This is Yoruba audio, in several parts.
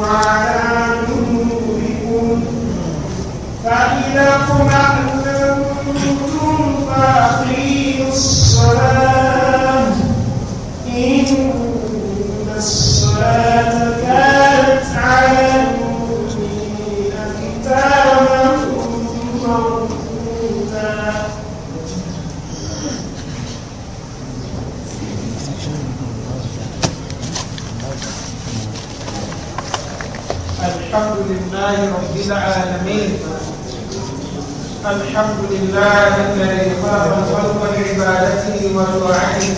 وعلى ظهوركم فإذا قمتم وتعين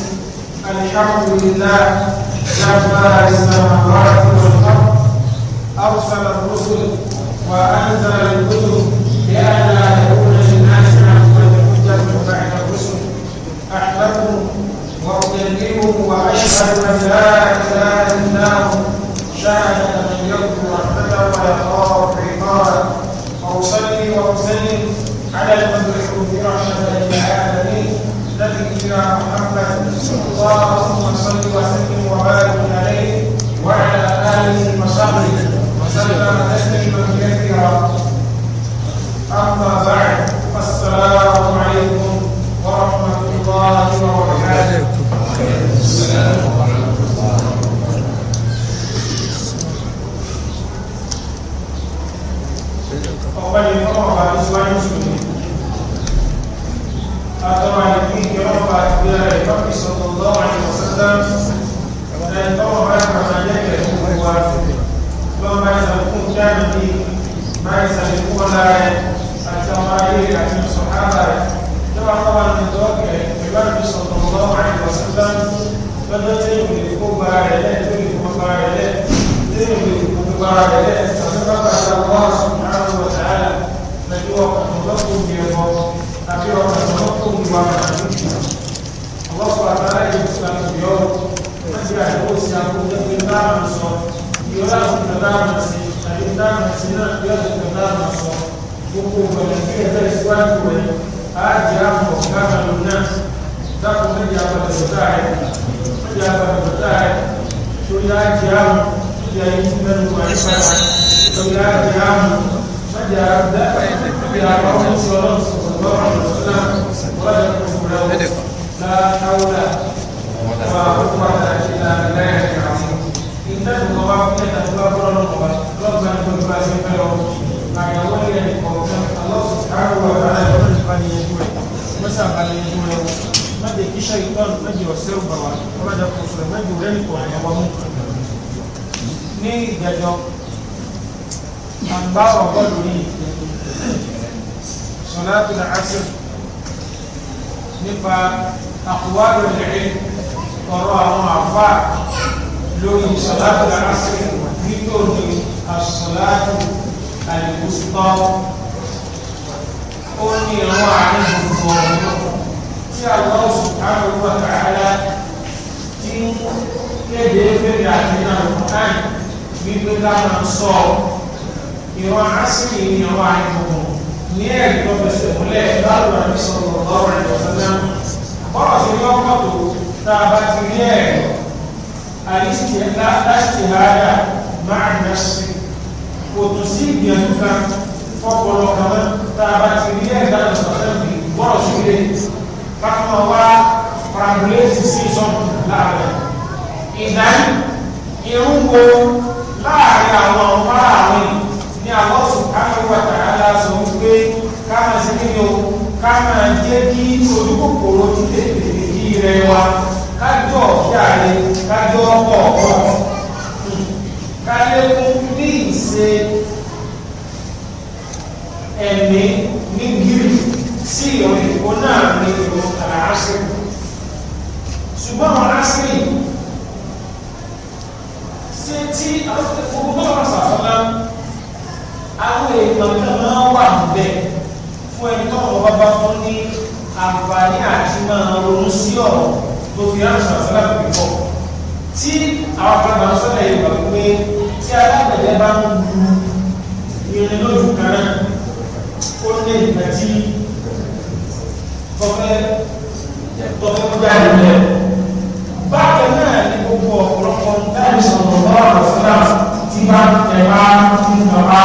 الحمد لله جبار السماوات والارض ارسل الرسل وانزل الكتب لئلا يكون للناس عبدا حجه بعد الرسل احمدكم واكلمكم واشهد ان لا اله الا هو شاهد من يرجو رحمته ويخاف عقابه واصلي واسلم على المبعوث سيدنا محمد اللهم صل وسلم وبارك عليه وعلى اله وصحبه وسلم تسليما كثيرا اما بعد فالسلام عليكم ورحمه الله وبركاته السلام ورحمه الله وبركاته ọ̀pẹ́ ni ọmọ ọba àti bí ara ìbá fi sọ̀tọ̀ lọ́wọ́ àti ọ̀sẹ́dá ẹ̀dá ìtọ́wọ̀ bá ti máa jẹ́ kẹ̀ fún wa lọ́wọ́ bá ti sàkún kí á nìyí bá ti sàkún wọn lára ẹ̀ àti ọmọ ayé àti sọ̀hálà rẹ̀ lọ́wọ́ àtọ́wà ní dọ́kẹ̀ ìbá fi sọ̀tọ̀ lọ́wọ́ àti ọ̀sẹ́dá lọ́jọ́ Allah subhanahu wa ta'ala yìí ti láti yọ wọ́n ti àjọ òsì àkókò pé dáhùn sọ ìyọ́lá òkúta dáhùn sí àyè dáhùn sí náà ìyọ́lá òkúta dáhùn sọ gbogbo ìwọ̀lẹ̀ kí ẹ̀fẹ́ ìsíwájú rẹ̀ àájẹ́ àpọ̀ káàkiri náà dákun méjì àpàdé ọ̀tá rẹ̀ méjì àpàdé ọ̀tá rẹ̀ torí àájẹ́ àmù méjì ayé tí mẹ́nu wà ní padà torí àájẹ́ àmù méjì àpàdé ọ̀tá rẹ̀ méjì àpàdé ọ̀tá rẹ̀ لا حول ولا قوة إلا بالله العظيم إنه غفر الله ربنا ربنا كل ما سمعه مع ولي الله سبحانه وتعالى يرزقنا يجوع مسافة يجوع ما بيك شيطان ما جوا سير بوا ما جوا كفر ما جوا ريكو أنا وهم ní ìgbẹ́jọ́ àgbà ọ̀pọ̀ lórí sọ̀lá tó dà á sí nípa àkùwádò lẹ́rìn ọ̀rọ̀ àwọn àfá lórí ìṣọ̀látò lásìkò nítorí àṣọ̀látò àlùkùsùtọ́ ó ní ìrún àárín gbogbo ọ̀rọ̀ tí àwọn oṣù káàkiri wà káàkiri tí kéde fèrè àti àwọn táì gbígbé dáná sọ ìrún àásìkò ìrún àárín gbogbo ní ẹ̀rí tó fẹsẹ̀ múlẹ̀ báwo la fi sọ̀rọ̀ lọ́rọ̀ ìjọba náà bọ́rọ̀ ṣe yọ ọkọ̀ tó tá a bá ti rí ẹ̀ àìsíkè láti hàdà máa ń lọ́sí kò tó sí ìgbìyànjú kan fọ́pọ̀lọ́ kan náà tá a bá ti rí ẹ̀ dáná sọ̀tẹ́ bí bọ́rọ̀ ṣe lè fáwọn wá farabuléèsì sí ìsọ̀nù láàrin ìdáyì irun wo láàrin àwọn ọmọ àwọn ní àwọn sùn káfíwọ̀tà aláṣọ wípé ká máa jẹ́ kí ojúkòkòrò ti tètè kí rẹ wa kájọ ọ̀fíàre kájọ ọkọ̀ ọ̀pọ̀ kálékún ní ìṣe ẹ̀mí ní gírì sí ìrìn ìkó náà ní ìlú àlàáṣẹ́ ṣùgbọ́n àwọn aláṣẹ́ yìí ṣe tí àwọn ìfowópamọ́ àṣàfọ́lá àwọn èèyàn kan máa wà bẹ́ẹ̀ fún ẹni tọ́wọ́ bá bá fún ní àǹfààní àti máa ronú sí ọ̀rọ̀ tó fi ránṣẹ́ àṣálà tó fi bọ̀ tí àwọn àgbàgbà sọ́dọ̀ yìí wà pé tí alágbẹ̀dẹ bá ń lu irin lójú kan náà ó ní ìgbà tí tọ́fẹ́ tọ́fẹ́ mú jáde lẹ̀ bákan náà ní gbogbo ọ̀pọ̀lọpọ̀ dáìsọ̀rọ̀ bá wà lọ́sọ́dà tí bá tẹ̀ bá tí bá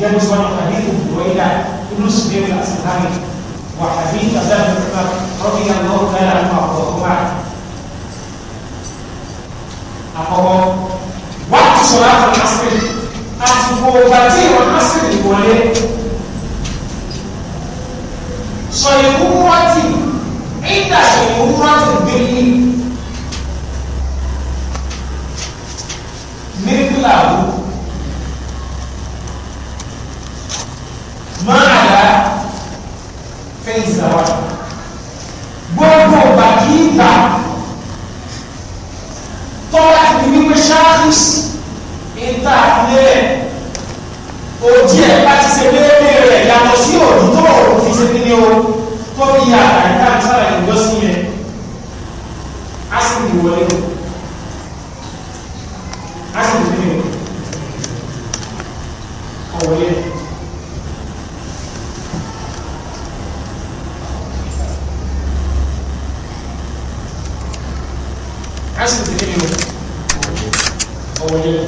جاب سواء حديث بريدة بن سبيل الأصفهاني وحديث أبان بن عمر رضي الله تعالى عنه وأرضاهما أقوى وقت صلاة العصر أسبوع باتير العصر الولي صيرورة عند صيرورة البر مثله máa àlá fẹ́ ìsàwà gbogbo bàkí ìgbà tọ́lá ti wípé ṣáàkìs ìta àkúlẹ̀ òjì ẹ̀ bá ti ṣe léèrè rẹ̀ yàtọ̀ sí òjì tó òun fi ṣe kí ni o tó fi yà àìká ìsára ìjọ sí yẹn á sì ní wọlé á sì ní wọlé ọ̀wọ̀lé. That's the beginning of what we did.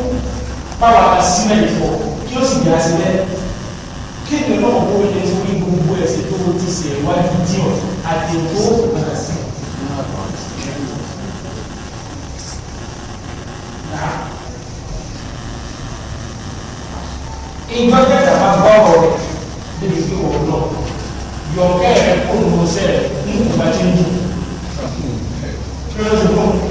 báwa bá sí mẹ́rin fọ kí ó sì yà sí o kéde náà kó lè torí gbogbo ẹ̀sìn tó ti ṣe ìwádìí díọ̀ àdìgbò padà sí. ìjọ jẹ́ta máa gbọ́ ọ̀rọ̀ rẹ̀ níbi tí wọ́n lọ yọ̀ọ̀kẹ́ rẹ̀ kó lóun sẹ́ẹ̀ ní ìgbà tí ń dùn. kí ló ń dùn?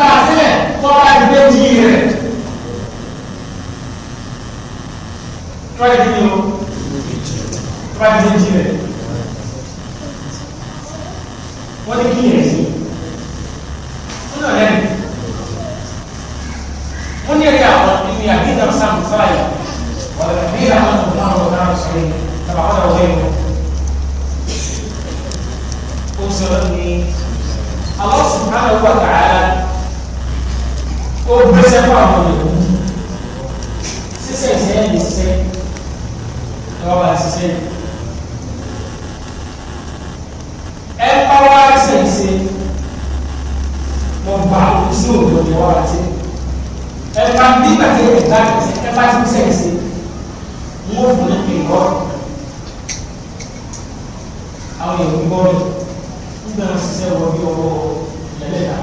ta fẹ́ kọ́ra ìbejì rẹ̀ kọ́ra ìbejì o kọ́ra ìbejì rẹ̀ wọ́n ní kíyẹ̀ sí wọ́n náà lẹ́nu wọ́n ní ẹ̀rí àwọn ìrìn àgbéjà sáàmù sáàyà wọ́n lè rí àwọn ọmọ àwọn ọ̀nà àṣírí tàbí àwọn ọ̀rọ̀ ẹ̀rọ ó sọ ní Allah subhanahu wa ta'ala ó gbéṣẹ́ fún àwọn ìlú ṣíṣẹ̀ṣẹ̀ ẹ̀ lè ṣe lọ́ba ṣiṣẹ́ ẹ bá wá ṣẹ̀ṣẹ̀ wọ́n bá sí ni wọ́n wá ẹ bá nígbà tí ẹ bá ẹ bá ti ṣẹ̀ṣẹ̀ wọ́n fún mi ìwọ́ àwọn èèyàn ń bọ́ nígbà tí ṣiṣẹ́ wọ́n bí ọwọ́ lẹ́lẹ́dàá.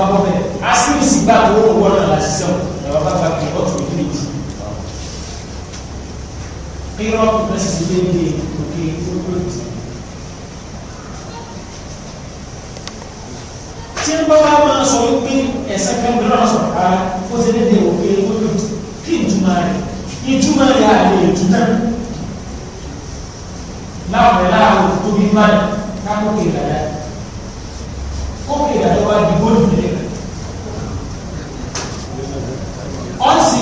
bá bọ́ bẹ́ẹ̀ asírísì gbà tó wọ́n wọ́n náà láti sẹ́wọ̀n làwọn bá gba kìlọ̀ tó ní ìjì. irọ́ mẹ́sìsì lé ní òkè fúrúkúrútì. tí ń bá wá máa sọ pé ẹ̀sẹ̀ kan mìíràn sọ̀rọ̀ rárá ó ti ní ní òkè fúrúkúrútì kí ìtumọ̀ rẹ̀ ìtumọ̀ rẹ̀ àlè ìtumọ̀ láwọn ẹ̀ tóbi máa kákó kéèkà dáa kó kéèkà di gbóni.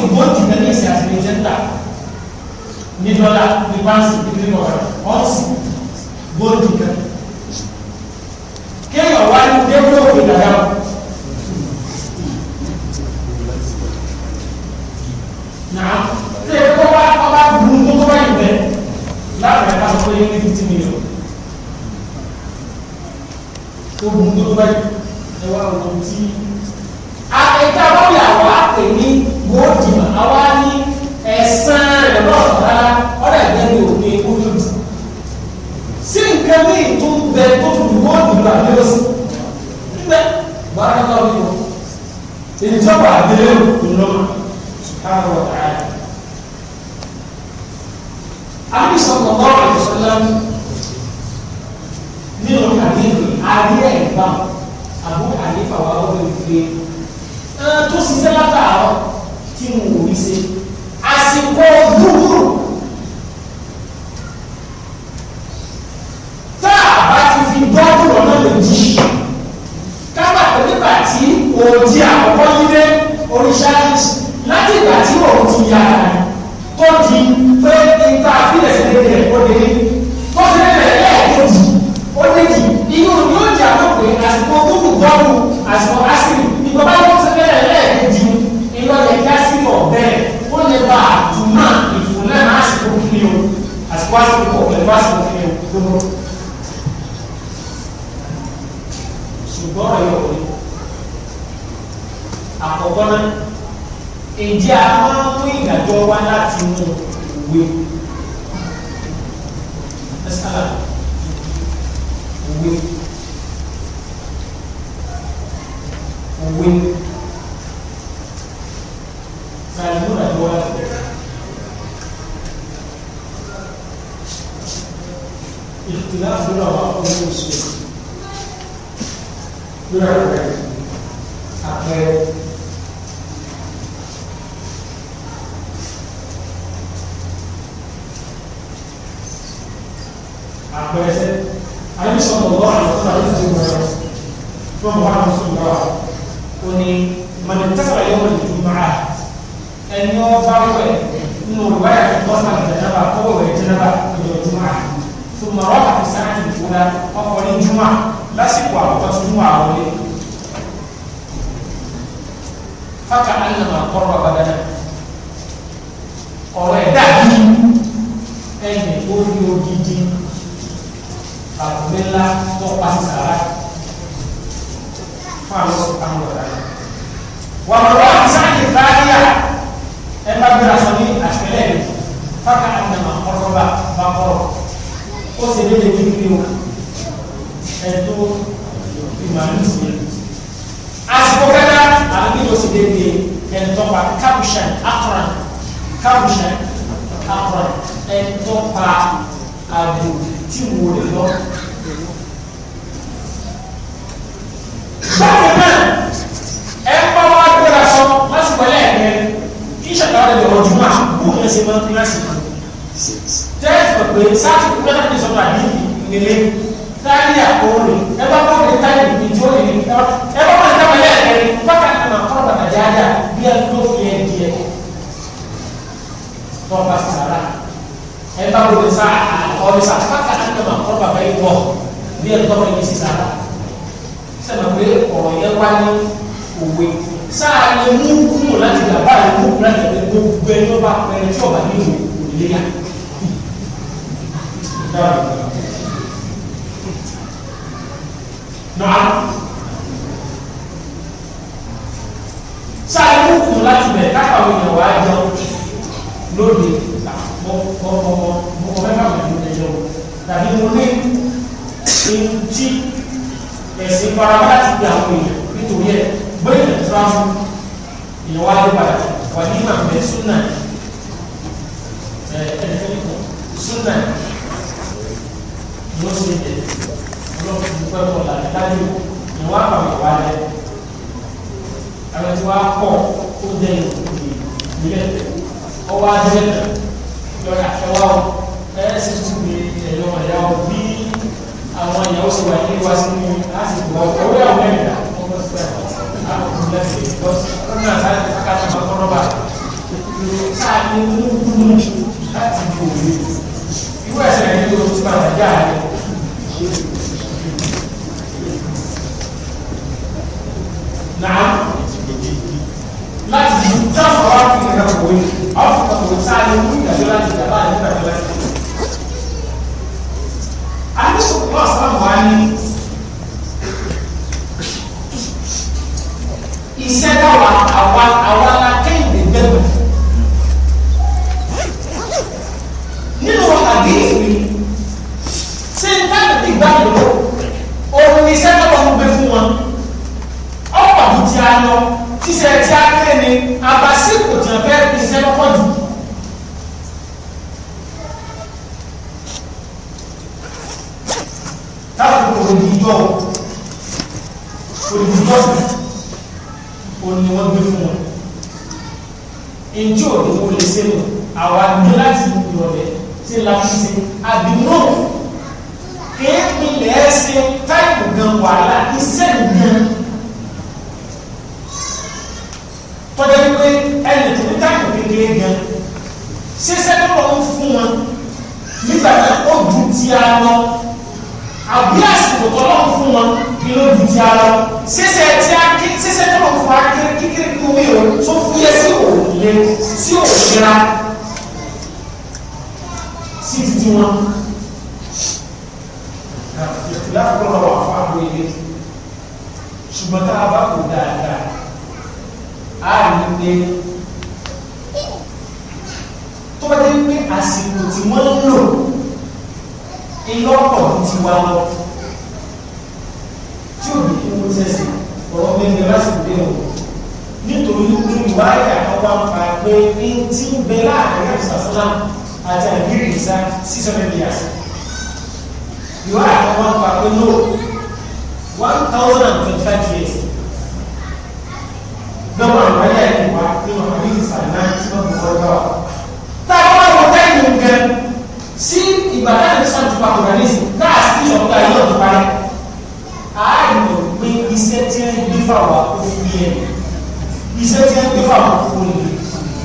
ìbò jìnnà ní ìsìn àti ìjẹ́ ń tà ní dọ́là ní pàǹsì ní kílí mọ̀ọ́rọ̀ ọ̀sì góòlù kan kéèyàn wá ní dẹ́gbẹ́lógún ìdáyà wọn. Nàá tí èyí kó wá ọba gbùn tó tó bá yìí bẹ́ẹ̀ láàrin ẹ̀ka sọ pé yẹn ní fifty million tó gbùn tó bá yìí ẹ wá ọ̀nà tí. Àtẹ̀tẹ̀ àwọn ìyàwó àpè ní wò ó dì mà àwa ní ẹ̀sán rẹ̀ lọ́rọ̀ rárá ọ̀rẹ́ ẹ̀gbẹ́ ní òkè ojú dù sí nǹkan ní ìtún bẹ tó tù wò ó dùn àbí ó sì nígbà bàrà náà ní o ìjọba àbẹ̀rẹ̀ òkùnrin káàrọ̀ ọ̀tàrà àbísọ̀tọ̀ lọ́rọ̀ ìṣọ̀lá nínú àbúrò àyífà wà ó lè fi tó ṣiṣẹ́ látàárọ̀ wọn ò rí ṣe àsìkò dúró tá a bá ti fi dọ́dún ọ̀nà méjì kábà tó nígbà tí òòjì àkọ́kọ́ yílé oríṣiríṣi láti ìgbà tí òun ti yà á tó di pé nípa àfihàn ìṣẹ̀lẹ̀ rẹ̀ ó lè tó ṣe lè lẹ́ẹ̀kejì ó lè jì inú yóò jà lópin àsìkò dúró dọ́dún àsìkò àsìkò ìgbà báyìí. àsìkò àsìkò pọ̀ pẹ̀lú àsìkò kí ni gbogbo ṣùgbọ́n ọ̀rọ̀ yóò wọlé àkọ́kọ́ náà èjì àwọn mú ìdájọ́ wá láti mú òwe ẹ̀sán òwe òwe. Salud. ìtìláàfù náà wà fún ní oṣù lórí àwọn ẹ̀rọ àpẹẹrẹ àpẹẹrẹ àyíṣọ́nà lọ́wọ́ àwọn tó náà lóṣù mọ́ fún ọmọ àwọn oṣù lọ́wọ́ ó ní mọ̀lẹ́tẹ́sọ̀rọ̀ yóò wọlé tó máa ẹni ọba wẹ̀ nínú ìwáyà tó tọ́sán ìjẹ́nàbà kọ́wọ́ ìjẹ́nàbà ìjọ̀júmọ́ àná ثم رفع في الساعة الأولى وقال الجمعة لا سوى وتجمع عليه فكأنما قرب بدنه ọ̀rọ̀ ẹ̀ dàbí ẹni tó fi odidi àbúlé ńlá tó pa sàrà fún àwọn àwọn ọ̀rọ̀ rẹ̀. wà á lọ sáyẹn báyà ẹ bá gbéra sọ ní àtẹlẹ fákà ànàmà ọlọ́ba bá kọ̀rọ̀ ó sì lé lè kíkí o ẹ̀tọ́ ìmọ̀lẹ́sì àsìkò kẹta àbí ó sì dédé ẹ̀tọ́ pa kábùṣàn akọ̀ràn kábùṣàn akọ̀ràn ẹ̀tọ́ pa àbò tí wò lè lọ. bákan náà ẹ bá wá gbọ́dọ̀ sọ lásìkò ẹlẹ́ẹ̀kẹ́ kí ìṣẹ̀dá rẹ̀ lọ́rọ̀ jùlọ ẹ̀sìn máa lásìkò jẹ́sùn pé sáàtì pẹ́tà ní sọ́dọ̀ àdìyí nílé táyà òòrè ẹ bá bọ́ ní táyà ìjọ ìlú ẹ bá bọ́ ní táyà ẹ̀rẹ́ fákà ní ma kọ́ bàtà jáde bí ẹ tó fi ẹ̀ díẹ̀ tó bá sàrà ẹ bá bọ́ ní sáà ọ̀rẹ́ sáà fákà ní ma kọ́ bàtà yìí wọ̀ bí ẹ tó fi ẹ̀ sísàrà sẹ́nà pé ọ̀rọ̀ yẹn wá ní òwe sáà ni mú kúmù láti dàbá ìlú láti dàbá gbogbo ẹni ó bá pẹ́ẹ́rẹ́ tí ọ̀bà nínú Lihat. Sekarang. wọlé ṣùgbọ́n tá a bá kó dáadáa a rí pé tó bá dé pé àsìkò tí wọ́n ń lò iná pọ̀ ní tiwa lọ tí ò ní kí wọ́n tẹ̀sí ọ̀rọ̀ mẹ́rin lásìkò dé o nítorí pé ìwádìí àkọ́kọ́ ń pé ní tí ń bẹ láàrin ìsàfúnná àti àgbèrè ìsá sísọ mẹ́rin yàtọ̀ ìwádìí àkọ́kọ́ ń pé lóòótọ́ one thousand and twenty-five years lọ́wọ́ àwọn ayé ìwà nínú àwọn ìlú ìsàlẹ̀ náà tí wọ́n fi wọ́n gbà wá. tá a bá wọ táìmù gan sí ìbàdàn ní sàǹtì papọ̀ náà nísìn náà sì ti sọ̀rọ̀ ayé ọ̀dọ̀ parí. ààrùn pé iṣẹ́ tí ń gbé fáwọn akófin yẹn iṣẹ́ tí ń gbé fáwọn akófin yẹn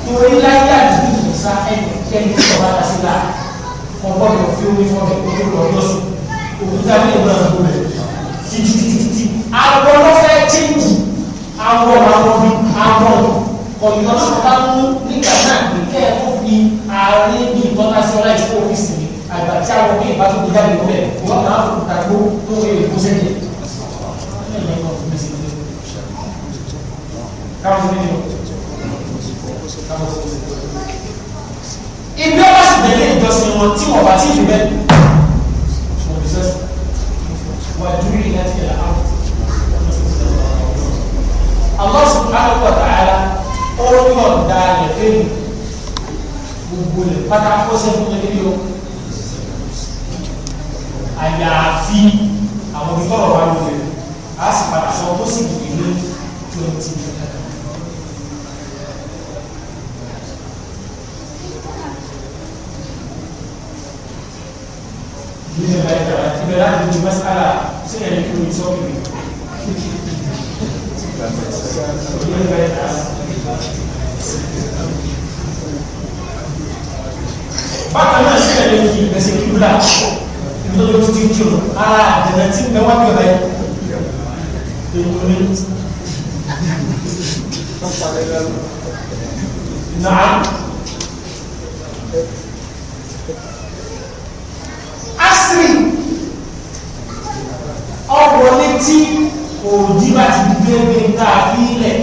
torí láyé àdúgbò ìmọ̀sá ẹnì kẹ́ni sọ̀rọ̀ àdásílà ọgbọ́dọ̀ fi omi fọ́ọ̀mù ojú lọ́jọ́sùn òkúta mílíọ̀nù náà títítítítí àwọ̀ lọ́fẹ́ chíńjì àwọ̀ àwọ̀ bí àwọ̀ kọ̀yìnbọn náà bá mú nígbà náà nìkẹ́ ẹ̀kọ́ fi àárín bí ìtọ́ka sí ọlá ìṣòwò ọ́fíìsì mi àgbà tí àwọn bí ìbá tó gbé jáde lọ́bẹ̀ wọ́n máa fò dàgbó tó wé èkó sẹ́yìn. ìgbé wá sí ìdẹ́lẹ̀ ìjọsìn wọn tí wọ́n bá ti fi bẹ́ẹ̀. subhanahu wa ta'ala ó yọ̀ǹda rẹ̀ fẹ́mi gbogbo rẹ̀ pátá ó sẹ́nu ní kíni o àyàfi àwọn olùtọ́rọ̀ wa ló rẹ̀ á sì padà sọ tó sì kìí ní twenty Ìgbésẹ̀ báyìí kàrà ìbẹ̀rẹ̀ àti ìmọ̀sára sí ẹ̀yìn kúrò ìsọ́kùnrin bákan náà sílẹ̀ lè fi ìgbésẹ̀ kíkúlà nítorí ojú ah, tí ó ara àdìrẹ tí ẹ wá bẹ̀rẹ̀ ìròyìn náà asiri ọ̀pọ̀ létí òjì bá ti dúdú ẹgbẹ́ ń tá ilẹ̀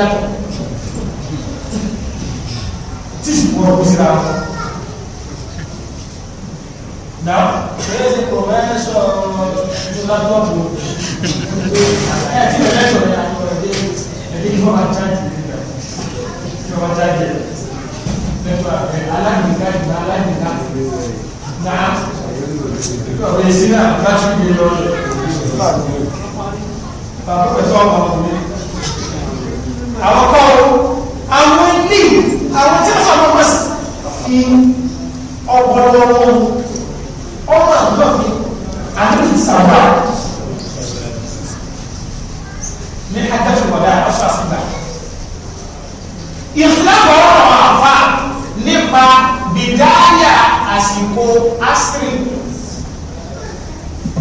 yàtọ̀ tí sì wọ́n kó síra wọn. Nà ṣéyé ti kò mẹ́rin sọ ọ̀rọ̀ lápútọ̀pù ẹ̀ tí ìrẹ̀lẹ̀ sọ̀rọ̀ yà kọ̀ ẹ̀dẹ́ ẹ̀dẹ́ ìfọ̀ máa jáde nígbà tí wọ́n jáde nípa alágbèéká ìgbà alágbèéká nà ọ̀rẹ́ sílẹ̀ bá ṣùgbọ́n lọ bàbá pẹ̀lú ọmọ ọmọ àwọn kọ́ o àwọn ní àwọn tí wọ́n sọ̀rọ̀ wọ́n fi ọgbọ́dọ̀ wọn ọmọ àgbọ̀ fi àti ìsàwà ní adájọ́kọ̀dá aṣọ àṣìgbà ìfúláwọ̀ ọ̀rọ̀ àfa nípa bìdáyà àsìkò asiri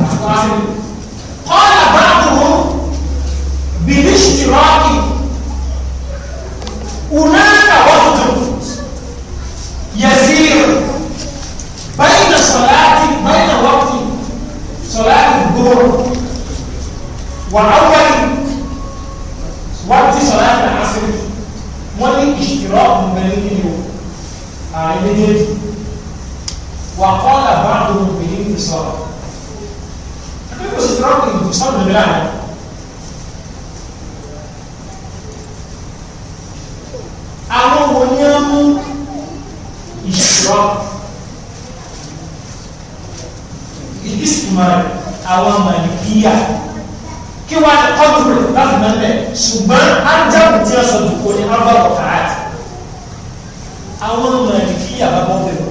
àsìkò asiri kọ́lá bá dùn bìdíṣìtì rọ́ọ̀kì. هناك وقت يسير بين الصلاة بين وقت صلاة الظهر وأول وقت صلاة العصر ولي اشتراك بين آه، اليوم وقال بعض المؤمنين في صلاة كيف اشتراك الانتصار بالله àwọn wo ni wọ́n mú ìṣọ́ ìdísìmọ̀ rẹ̀ àwọn màlìkíyà kí wọ́n á kọ́jú rẹ̀ láti mẹ́lẹ̀ ṣùgbọ́n á jáwé tí wọ́n sọ dùkú ní ábàbọ̀ káàtì àwọn màlìkíyà bá bọ́ bẹ̀rù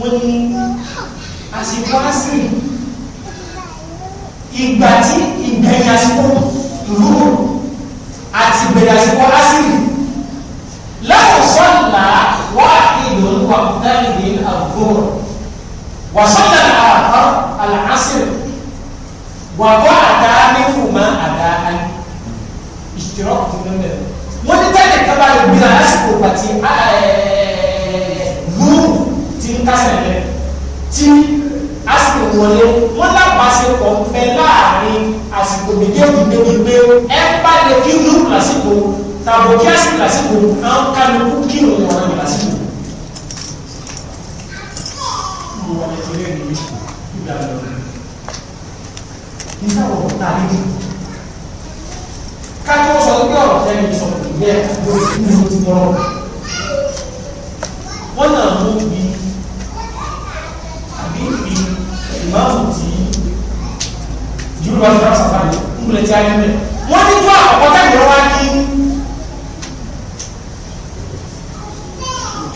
wọ́n ní àsìkò àsìrì ìgbà tí ìgbẹ̀yìn àsìkò ìrúrù àti ìgbẹ̀yìn àsìkò àsìrì الجماعة واحد ومغترب الظهر وصلى الآخر العصر وقعتا منهما أداء اشتراك في النمر ولذلك كما يبدو أسكو باتي ذو تنكسر tí àsìkò wọlé wọn lábàásepọ̀ ń fẹ́ láàrin àsìkò méjèèjì débi pé ẹ bá lè kí tàbí kí àsìkò àsìkò àwọn kálukú kí òun ọ̀rọ̀ ní àsìkò. mo wà ní ìpínlẹ̀ ní ìgbà lọ. nígbà wo ta ni bí? ká tó sọ pé ọ̀rọ̀ fẹ́ mi sọ ìgbẹ́ lórí ìlú ti lọ́rọ̀. wọ́n náà mú bí àbí bí ìmáàmù tí yorùbá fún àṣà báyìí ń lè jẹ́ ayé mẹ́. wọ́n ti tó àkọ́kọ́ tẹ̀lé wá ní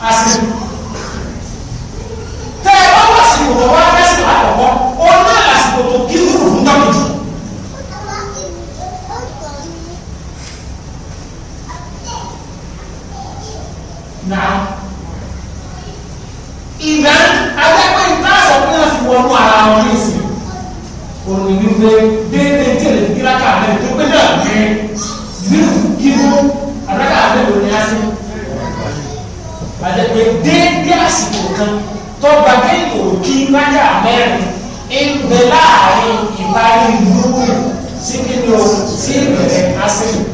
àsìkò tẹ ẹ bá wá sí òkò wá lẹ́sìn àkọ́kọ́ ó ní àsìkò tó kí lùrù fún dọ́kítù. nà ìgbà adágbé ìtàsọ̀ ní àfiwọ́nú ara wọn ní ìsìn òní wípé déédéé tẹ̀lé kíláka àbẹ̀rẹ̀ tó pé náà ní. pé déédéé àsìkò kan tọ́gbà kéèkò kí májà mẹ́rin ń bẹ láàrin ìparí burúkú sí kíni o sí ìbẹ̀rẹ̀ asẹ́yìn.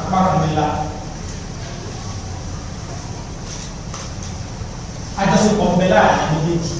apákanmẹ́lá adásopọ̀ láàrin méjèèjì.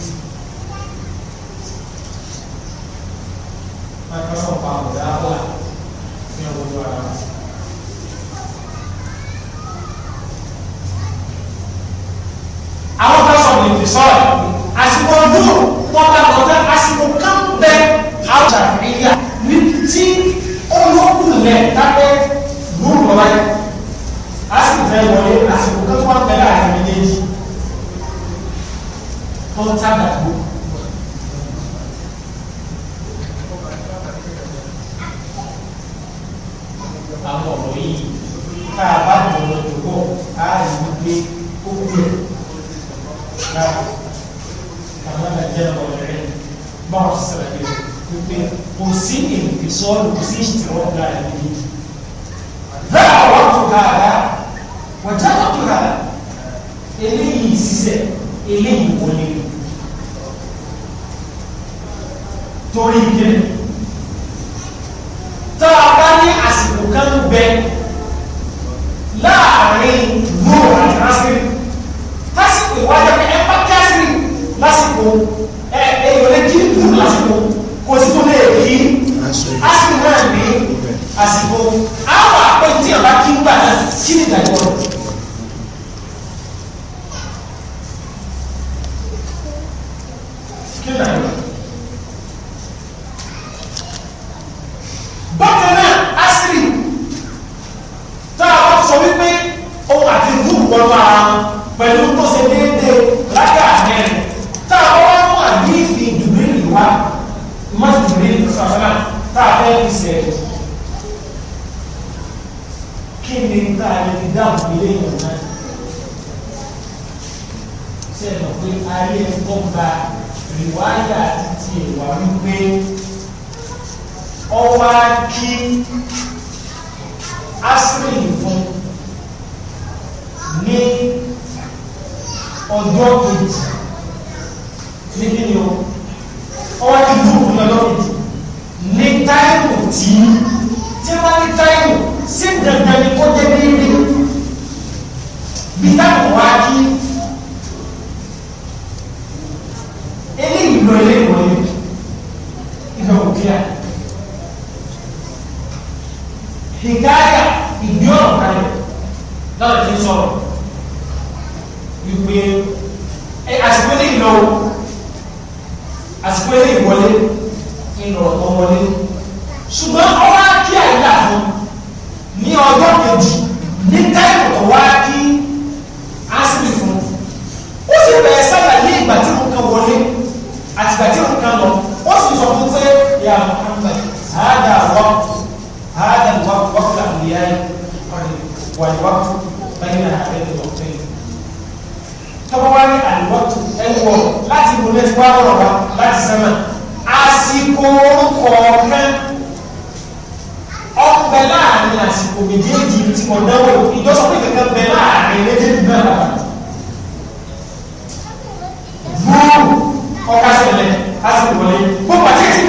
torí ìdílé tá a bá ní àsìkò kan bẹ láàrin gbòòrò àti rásìrì tásìkò ìwájú pé ẹ bá kásìrì lásìkò ẹ èèyàn lè kí ìlú lásìkò kò sí tó lè kí àsìkò náà ní àsìkò àwọn àpẹjì àbá kí ń gbà kí ni ìdájọ́ ilé yẹn náà sẹ́nu pé ayé tó gba rìwáyà títí ìwà wípé ọwá kí asiri fún ní ọjọ́ kejì ní kí ni o ọwá kí dúró ní ọjọ́ kejì ní táìmù tí tí wọ́n ní táìmù sí dandan ni kó jẹ́ bí rí bí táwọn wá jí eléyìí lọ ilé ìwọ̀nyí ìfẹ́ kò kíá hikaya ìgbé ọ̀rọ̀ kalẹ̀ láwọn ti sọ̀rọ̀ wípé àsìkò eléyìí lọ àsìkò eléyìí wọlé ìlọ̀ ọ̀tọ̀ wọlé ṣùgbọ́n ọwọ́ á kí àyíká fún ní ọjọ́ kejì ní táìpù tó wá kí sì bẹ̀ẹ́ sàlàyé ìgbà tí mo kan wọlé àti ìgbà tí mo kan lọ ó sì sọ fún pé yà Muhammad hàdà wàkùtù hàdà wàkùtù àmìyá wàlúwàkùtù báyìí náà àbẹ̀rẹ̀ wọ̀kùtù tọ́wọ́ wá ní àlùwọ́tù ẹ̀wọ̀ láti múlẹ̀ tí wàá wọ̀rọ̀ wá láti sẹ́mà àsìkò kọ̀ọ̀kan ọ̀pẹ láàrin àsìkò méjèèjì tí mo náwó ìjọsọ́pẹ̀ kankan bẹ láàrin méjèèjì náà gbóòrò ọkà sílẹ̀ kásìkò wọlé gbogbo àti ẹ̀sìn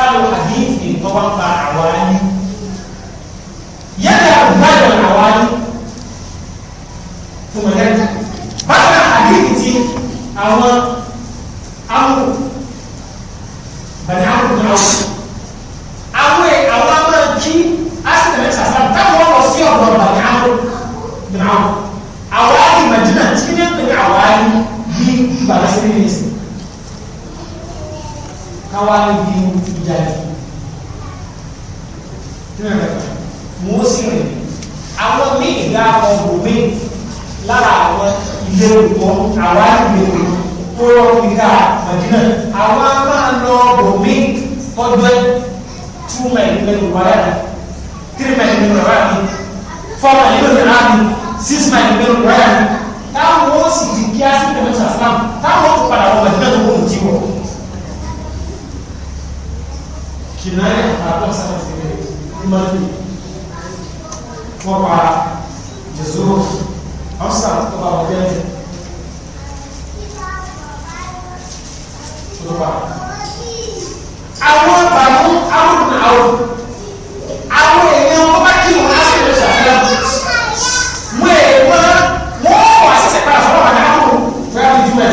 káwọn àdéhìí tọ́wọ́ pa àwárí yálà àgbáyọ̀ àwárí fún mọ̀lẹ́ta bákan àdéhìí ti àwọn. àwa gbèrè tó ìta Màdínà àwa máa lọ bò mí ọjọ́ two mile nínú wáyà three mile nínú wáyà mi four mile nínú wáyà mi six mile nínú wáyà mi táwọn ó sì di kí á sí ìtẹ̀wé sàfihàn táwọn ó tún padà wọ Màdínà tó wọ́n ti wọ̀. kìnnìyà sábà ti rẹ̀ ní Màdínà wọ́n pa jésù ọ̀sán tó bá àwọn bàbá àwọn àwọn àwọn èèyàn wọn bá kí wọn lásìkò lọ sàbíyà wọn è wọn wọn wà sẹsẹ padà fọwọ́ àná àwọn fẹ́ẹ́ fi júmẹ̀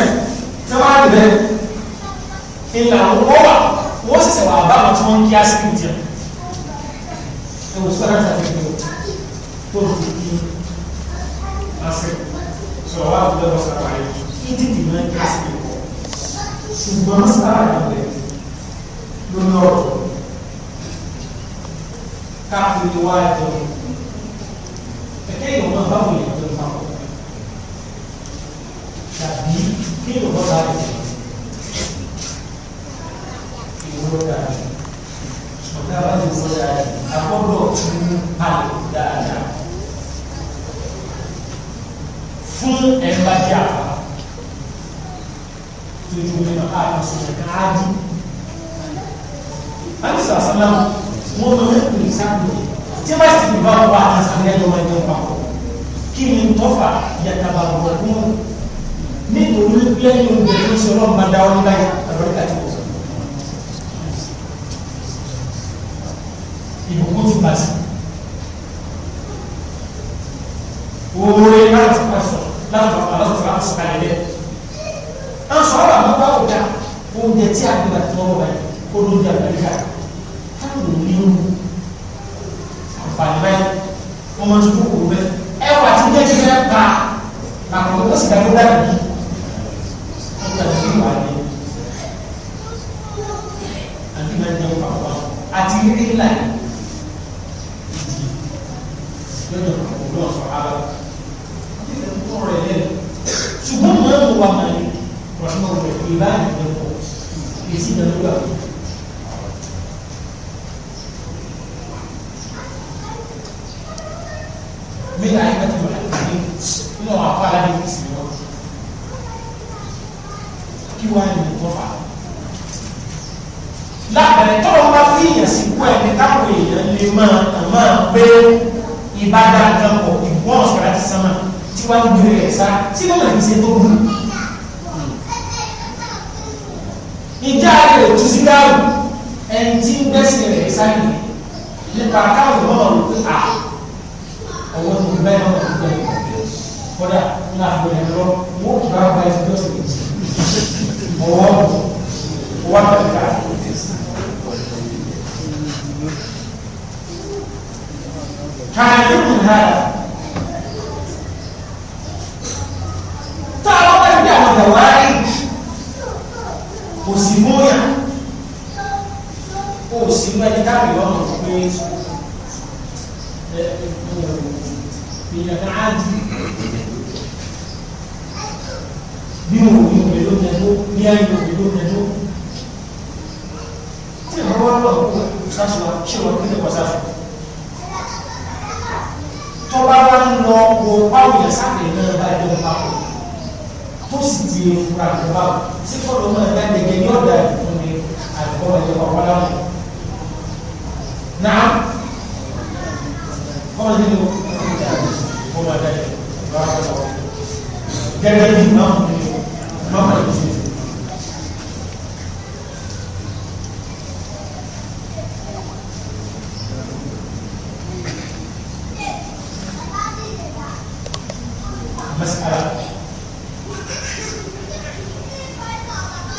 tí wọ́n á lè bẹ́ẹ̀ ńlá wọn wà wọ́n sẹsẹ wà bá wọn tí wọ́n ń kí àsìkò jẹ ẹ̀wọ̀n sọ́dọ̀ àti àgbẹ̀wò tó ti kí àsìkò sọ̀rọ̀ wà lọ́wọ́ sàbáyé kí títì máa ń kí àsìkò ṣùgbọ́n sáà lórí ọ̀rọ̀ káàkiri wá ẹ̀jọ̀ ẹ̀kẹ́ yìí wọ́n bá wọ̀nyí ọ̀dọ́ nípa wọn tàbí kí ni wọ́n bá yẹ ìwúrọ̀ dára ọ̀gá bá ti wọ́n dára àkọ́dọ̀ tún àlè dáadáa fún ẹ̀ńbàjá tó ju mímọ́ àti sọ̀rọ̀ káájú láti sàṣálà wọn máa ń pè sáàmù tí wọ́n sì bá wà àtàlẹ́ ẹjọ́ máa jẹun papọ̀ kí ni tọ́fà yàtàbà ọ̀rọ̀ fún wọn nítorí wípé ẹni oúnjẹ tó ń ṣe ọlọ́run máa dáwọ́ ní báyìí àlọ́ríkà ti wọ̀ ìbùkún ti pàṣẹ oore láti pàṣọ láti bàbá láti bàbá àti sàkàlẹ̀ bẹ́ẹ̀ a sọ̀rọ̀ àbúgbà ọ̀dà oúnjẹ tí a gbé wà tó ọ̀rọ̀ báyìí ó lóúnjẹ àgbẹ̀ríkà dàgbà làwọn ọmọ sì dàgbà dàgbà bí ini. Nanti wà ní àti máa ń jẹ ọgbà wà soal. rí ńlá ìdí lọ́dọ̀ ọ̀gbọ́n ọ̀sọ̀ ara àwọn èèyàn lè máa àmọ́ pé ìbádà kan pọ̀ ìwọ́n ọ̀sán láti sánmà tí wọ́n ń gbé rẹ̀ sá tí wọ́n máa ń ṣe tó burú. ìjà rẹ̀ tú sí dáhùn ẹni tí ń gbẹ́sìn rẹ̀ sáyé nípa káwọn ìwọ́n ọ̀rọ̀ pé à ọwọ́ tó ń bẹ́ẹ̀ náà ló ń bẹ̀rẹ̀ kódà ní àgbẹ̀rẹ̀ lọ wọ́n kì bá bá ẹsẹ̀ lọ́sẹ̀ ọwọ́ ọwọ́ àgbẹ̀rẹ̀ kàdé ní hàdà tá a lọ́wọ́ ẹgbẹ́ àwọn dàwárí kò sí bóyá kò sí mẹ́rin táwọn ìwọ́n mọ̀ pé èèyàn kan á di bí mo wò ní òwe ló ń ẹjọ́ ní ayé òwe ló ń ẹjọ́ tí ìrànwọ́ lọ́wọ́ kó sáṣọ wa ṣé wọn kí lè kọ́ sáṣọ tọ́ba wa ń lọ wo báwọn yẹn sáfì náà bá jọ papọ̀ tó sì di efura tó bá wò sí fọlọ́ náà bá dẹ̀gẹ́ ní ọ̀dà ìfún mi àgbọ̀ ẹ̀jẹ̀ ọ̀pọ̀ láwọn. Náà kọ́mọ nínú ọmọ ẹ̀dá yẹn lọ́wọ́ gẹ́gẹ́ bí náà. Masalah.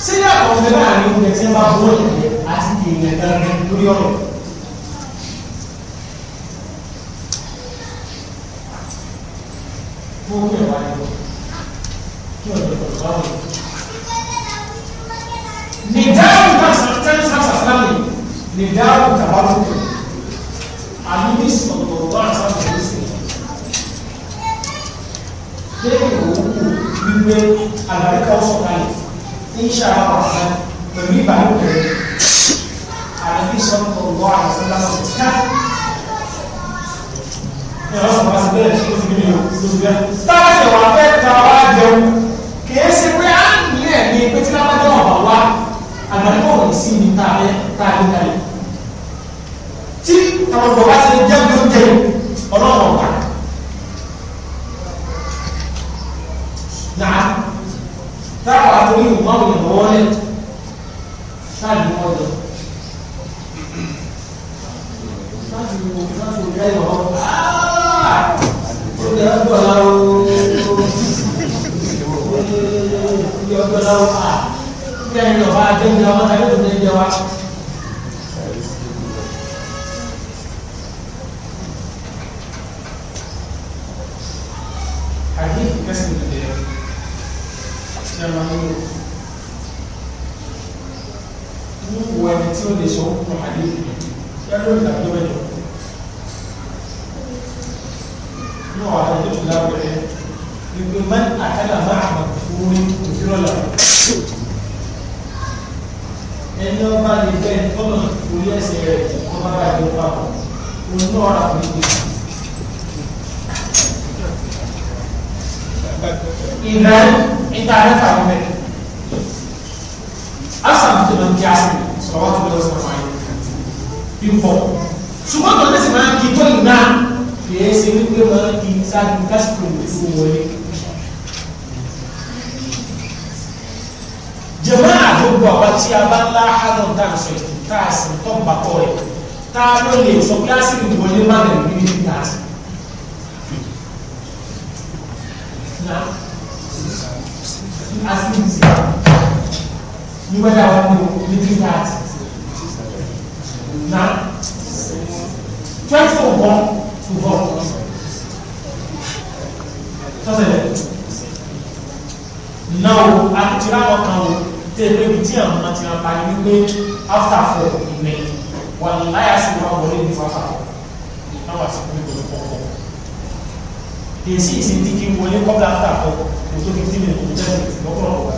Siapa ọ̀dẹ̀ náà ní oúnjẹ tí wọ́n bó àti ìrìnlẹ̀ Nidau lórí ọ̀rọ̀ fún ẹ̀wà ẹ̀rọ kí Nidau insha Allah pẹ̀lú ìbàlùkẹ́ àdàbí sọ́nùkọ̀ wọ́n àdàsọ́lá sọ́tà ẹ̀rọ sọ̀rọ̀ sí bẹ́ẹ̀ tí ó fi mílíọ̀ lóṣù bẹ́ẹ̀. táàsì wà fẹ́ ta wá jẹun kìí ṣe pé á nílẹ̀ ní ọlọ́run yóò máa wọ̀nyẹ̀ lọ́wọ́ lẹ̀ láti mú ọjọ́ láti mú láti mú jáde wọ́n ó yẹ ọjọ́ ọ̀la o ó yẹ ọjọ́ ọ̀la o kí ẹni ọba ajẹ́ ìjọba tàbí òtún ẹni ìjọba. tí ó lè sọ fún àdéhùn yálò ìdàgbẹ́jọ ní ọ̀rọ̀ àdéhùn tó lábẹ́rẹ́ wípé man àkàlà máa àmà fún òfìrọ̀là ẹni ọba lè fẹ́ tọ́nà orí ẹsẹ̀ rẹ̀ ọba rà ìlú papọ̀ òun náà rà fún ìgbé. ìdáná ìta rẹ̀ fà mẹ́rin. asàmùtò ló ń jẹ́ asàmùtò. sọ̀rọ̀ tó lọ sọ̀rọ̀ ayé bí pọ̀ ṣùgbọ́n tó lẹ́sìn máa ń kí tó ìná kìí ṣe wípé máa ń kí sáájú kásìkò ìlú wọlé jẹ̀mọ́ àdógbò àwa tí a bá ńlá hàdùn tá a sọ ètò tá a sì tọ́ bàtọ́ rẹ̀ tá a lọ lè sọ kíláàsì ìwọlé má lè rí ní ta sí. Nah, asli sih. You whether I want to meeting that. Now, 2001 to vote. Tọ́sẹ̀lẹ̀. Náà o, a ti rá wọn kan o, tẹ́ ẹ lébi tí àwọn ọmọ ti rán pa wípé after four ìmẹ̀ wà ní láyà sí wa wọlé ní fàfà. Náà wà sí pé kò kọ̀ọ̀kọ̀. Èsì ìsìn tí kí n wọlé kọ́bí after four, kò tó fifteen minutes kò jẹ́ lọ́kọ̀ọ̀kọ̀.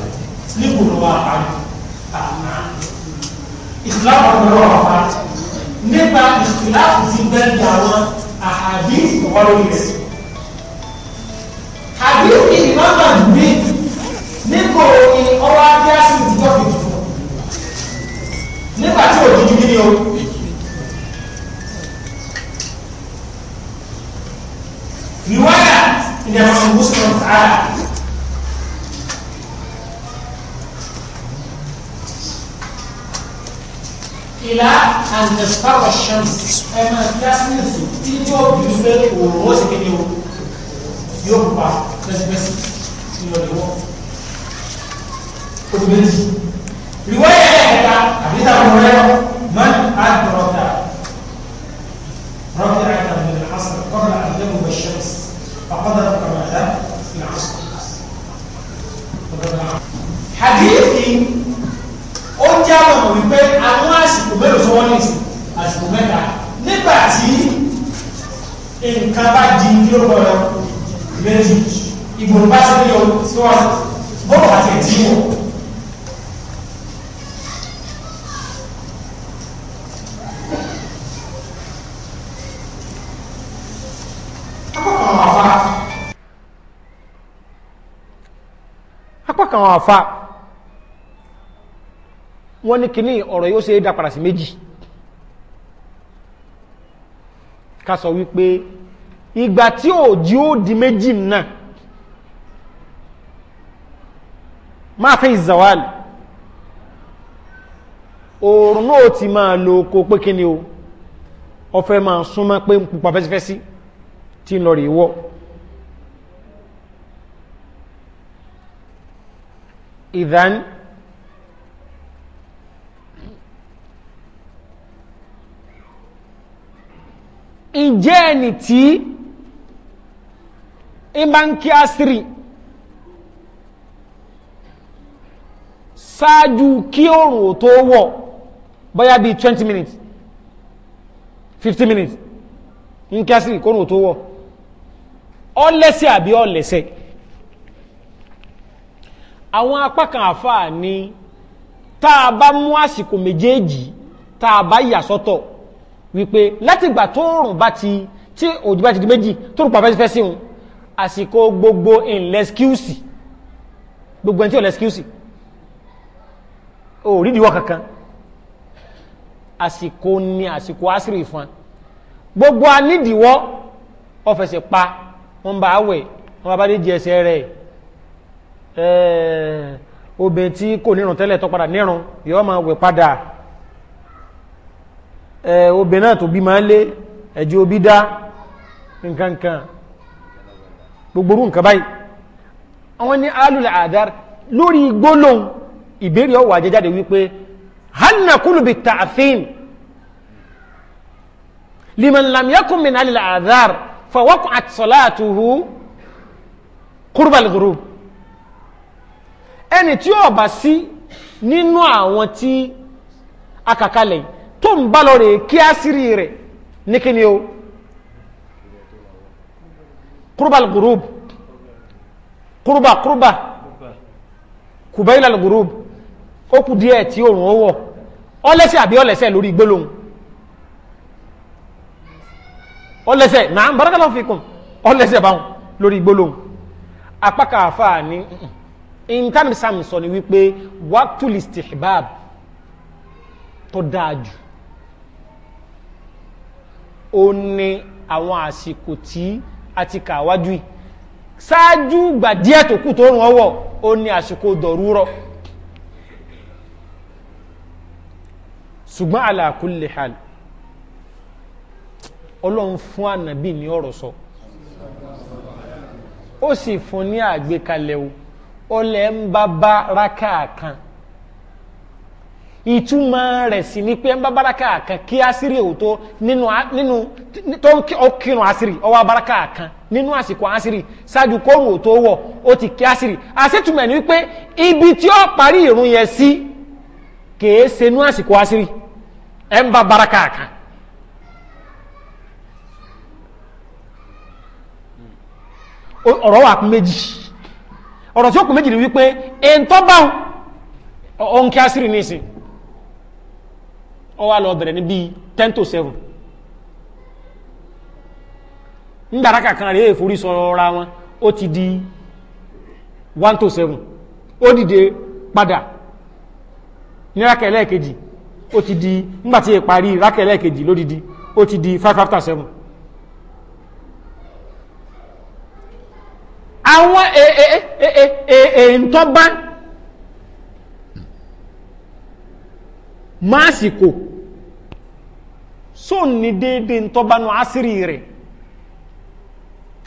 níbo ló wà parí ìsìláàmù ọ̀dọ́ ló wà parí nípa ìsìláàmù ti gbẹ́ndì àwọn àhàdí ìkọlórí rẹ̀ àdéhùn ìmọ̀mọ̀ mi níbo ni ọwọ́ ajé àti ìdíjọ́ kejì fún nígbà tí òjijì nínú o. riwaya ìdàgbàsókòsókò tààrà. إلى أن تصفر الشمس أما تسمى تيجو بيوبل وروز كنيو يوبا بس بس يوبا كتبت رواية هيك أبيت أقول من أدرك ركعة من العصر قبل أن تغرب الشمس فقد ركع في العصر حديثي ó jẹ́ àwọn ọmọ wípé àwọn àsìkò mélòó tí wọ́n ní ìsìn àsìkò mẹ́ta nígbà tí nǹkan bá di kí ló gbọ́dọ̀ méjì ìgbòho bá ti ní o tí wọ́n bọ́ọ̀lù àti ẹ̀tí wọ̀. apá kan àwọn àfa wọ́n ní kíní ọ̀rọ̀ yóò ṣe é dá padà sí méjì ká sọ wípé ìgbà tí òjì ó di méjì náà máa fi ìzàwálì oòrùn náà ti máa lo oko pé kíní o ọfẹ́ máa súnmọ́ pé ń pupa fẹ́sífẹ́sí tí ń lọ rí wọ́ ìdánilẹ́ ǹjẹ́ ẹni tí ń bá ń kí asiri ṣáájú oòrùn tó wọ̀ bóyá bíi twenty minutes fifty minutes ń kí asiri kí oòrùn tó wọ̀ ọlẹ́sẹ̀ àbí ọlẹ́sẹ̀ àwọn apá kan àfáà ni tá a bá mú àsìkò méjèèjì tá bá yà sọ́tọ̀ wípé látìgbà tó rùn bá ti tí òjò bá ti di méjì tó rùn pàfẹ́ fẹ́ sí un àsìkò gbogbo ìlẹ́skíùsì gbogbo ẹni tí ò lẹ́skíùsì ò rí ìdíwọ́ kankan àsìkò ni àsìkò àṣírí ìfọn gbogbo anídìíwọ́ ọ̀fẹ̀sẹ̀ pa wọn bá wẹ̀ wọn bá dé jẹ ẹsẹ̀ rẹ̀ obìnrin tí kò nírun tẹ́lẹ̀ tó padà nírun yóò máa wẹ̀ padà obìnrin náà tó bí máa lé ẹ̀jẹ̀ obi dá nkankan gbogbo orú nǹkan báyìí àwọn ní alùlẹ̀ àdár lórí gbólóhùn ìbéèrè ọwọ́ àjẹjáde wípé hanna kúlùbì tààfin liman lam yakun min alùlẹ̀ àdár fọwọ́kùn àtisọ́láàtùhù kúrúbàlùgùrù ẹni tí ó bá sí nínú àwọn tí akakalẹ̀ yìí tó ń bá lọ rè kí á sírí rẹ̀ ní kí ni o kurbal gurub kurba kurba kubailal gurub ó kù díẹ̀ tí òrùn ó wọ̀ ọlẹ́sẹ̀ àbí ọlẹ́sẹ̀ lórí gbólóhùn ọlẹ́sẹ̀ náà barakallahu fikum ọlẹ́sẹ̀ báwọn lórí gbólóhùn apákà àfáà ní intanet sam sọ ni wípé waqtul istihbab tó dáa jù ó ní àwọn àsìkò tí a ti kà wájú ṣáájú gbà díẹ̀ tó kù tó rùn ọwọ́ ó ní àsìkò dọ̀rúrọ̀ ṣùgbọ́n ala kulli ọlọ́run fún ànàbí ní ọ̀rọ̀ sọ ó sì fún ní àgbékalẹ̀ o ọlẹ́ ń bá bá ìtumọ̀ rẹ̀ sì ni pé ń baraka kan kí asiri ò tó nínú nínú tó ń kírun asiri ọwọ́ baraka kan nínú àsìkò asiri ṣáájú kóhùn ò tó wọ̀ ó ti kí asiri ni ibi tí ó parí ìrun yẹn sí kèé senú àsìkò asiri ẹ̀ baraka kan. ọ̀rọ̀ wà kún méjì ọ̀rọ̀ tí ó kún méjì ni wípé báwọn asiri ní ọwa wá lọ bẹ̀rẹ̀ ní bíi ten to seven ń dara kankan rèé èforí sọra wọn ó ti di one to seven ó dìde padà ní rákẹ̀ lẹ́ẹ̀kejì ó ti di nígbàtí ìparí rákẹ̀ lẹ́ẹ̀kejì ló dìdí ó ti di five after seven àwọn èèntọ́ bá máàsìkò sóòn ní déédé ń tọ́bánu àṣírí rẹ̀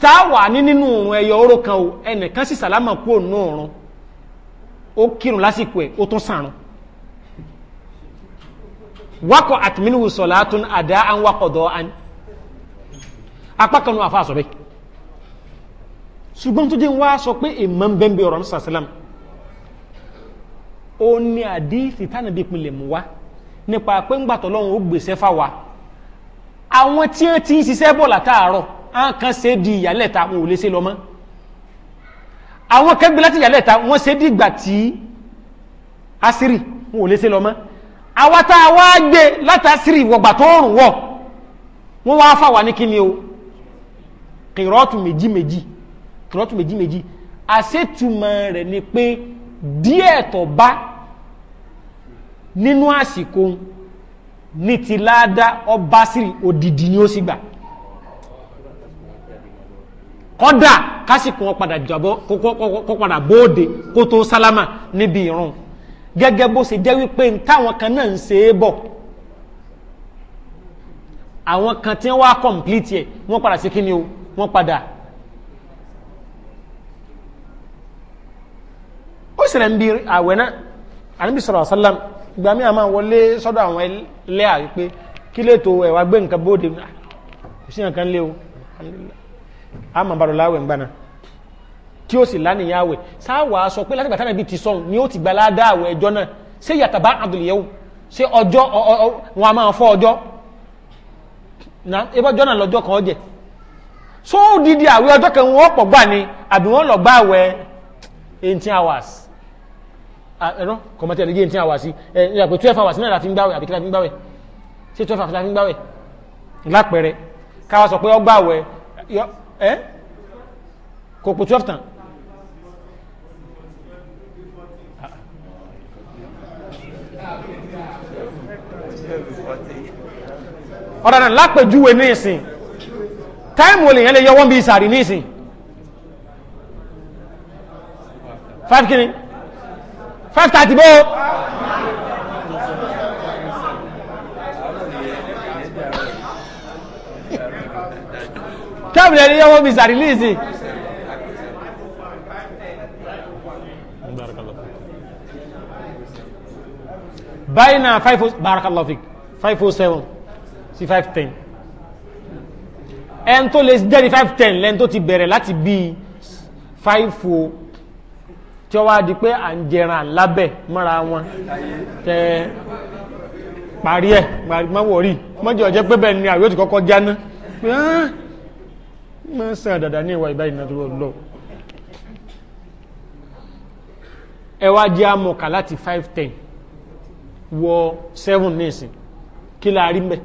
táwà ní nínú òrùn ẹyọ oró kan o ẹnìkan sì sàlámà kú òun náà rún ó kírun lásìkò ẹ̀ ó tún sàrùn wakọ atiminuhu sọlaatun ada an wakọ dọ an apá kanu afa sọ bẹ ṣùgbọ́n tó jẹ́ wá sọ pé ìmọ̀ bẹ́ẹ̀ bí ọ̀rọ̀ ní sàṣẹ́lám ó ní àdí fìtánà bí nípa pé ńgbà tọ́lọ́run ó gbèsè fáwa àwọn tí wọ́n ti ń ṣiṣẹ́ bọ̀ látàárọ̀ àwọn kan ṣe di ìyálẹ̀ta wọn ò lè ṣe lọ mọ́ àwọn kẹgbẹ́ láti ìyálẹ̀ta wọ́n ṣe di ìgbà tí asiri wọn ò lè ṣe lọ mọ́ àwa tá a wá gbé látàsírì wọ̀gbà tó rùn wọ̀ wọ́n wá fáwa ní kíni o kìrọ́ọ̀tù méjì méjì kìrọ́ọ̀tù méjì méjì àṣètùmọ̀ rẹ̀ ni pé díẹ̀ tó bá nínú àsìkò ní ti láádá ọba sírì òdìdí ni ó sì gbà kọ́dà kásìkò wọn padà jàbọ́ kó padà bóde kó tó sálámà níbi ìrun gẹ́gẹ́ bó ṣe jẹ́ wípé táwọn kan náà ń ṣe é bọ̀ àwọn kan tí wọ́n á kọ̀m̀plìtì ẹ̀ wọ́n padà sí kíni o wọ́n padà ó sì ń bi àwẹ̀ náà àníbi sọ̀rọ̀ àṣálàmù ìgbà mí a máa wọlé sọ́dọ̀ àwọn ẹlẹ́ àrí pé kí lè tó ẹ̀wà gbé nǹkan bóde ah, sí nǹkan lé o a máa bàrọ̀ láwẹ̀ ń gbàna tí ó sì lánìyàwẹ̀ sáwà sọ pé látìgbà tánàbí ti sọ ni ó ti gbà ládàá àwẹ̀ ẹjọ́ náà ṣé yàtàbá àdùlẹ̀yẹ̀wò ṣé ọjọ́ wọn a máa fọ́ ọjọ́ ebọ́jọ́ náà lọ́jọ́ kan ọjẹ́ so didi àwẹ̀ ọjọ́ kan wọ́n pọ̀ gbà ni àbí wọ́n lọ gbà àwẹ̀ 18 hours ẹ̀rọ kọmọtí ẹ̀lẹ́gẹ́ tí a wà sí ẹ̀yàpẹ̀ 12 hours náà láti ń gbáwẹ̀ àbíkí láti ń gbáwẹ̀ sí 12 hours láti ń gbáwẹ̀ lápẹẹrẹ káwà sọ pé ọ gbáwẹ̀ ẹ́ kò pò 12 tán ọ̀rọ̀ lápẹjúwe ní ìsìn táìmù olè yẹn lè yọ wọ́n bí ìsàrí ní ìsìn 5 kìíní five thirty bó. kẹ́mi lẹ́ni yẹ́wọ́ mi sàrí líìsì. báyìí náà five oh barakallahu fik five oh seven sí five ten ẹn tó lè jẹ́ ní five ten lẹ́n tó ti bẹ̀rẹ̀ láti bíi five oh tí ó wá di pé à ń jẹran lábẹ́ mọ́ra wọn tẹ parí ẹ̀ mọ́wọ́rì mọ́jọ́ ọ̀jẹ́ pé bẹ́ẹ̀ ni àwẹ̀ ti kọ́kọ́ jáná mọ́ sàn dàdà ní ìwà ìbáyìí náà tó lọ ẹ wá jẹ́ àmọ̀kà láti five ten wọ seven nísìn kí la rí mbẹ́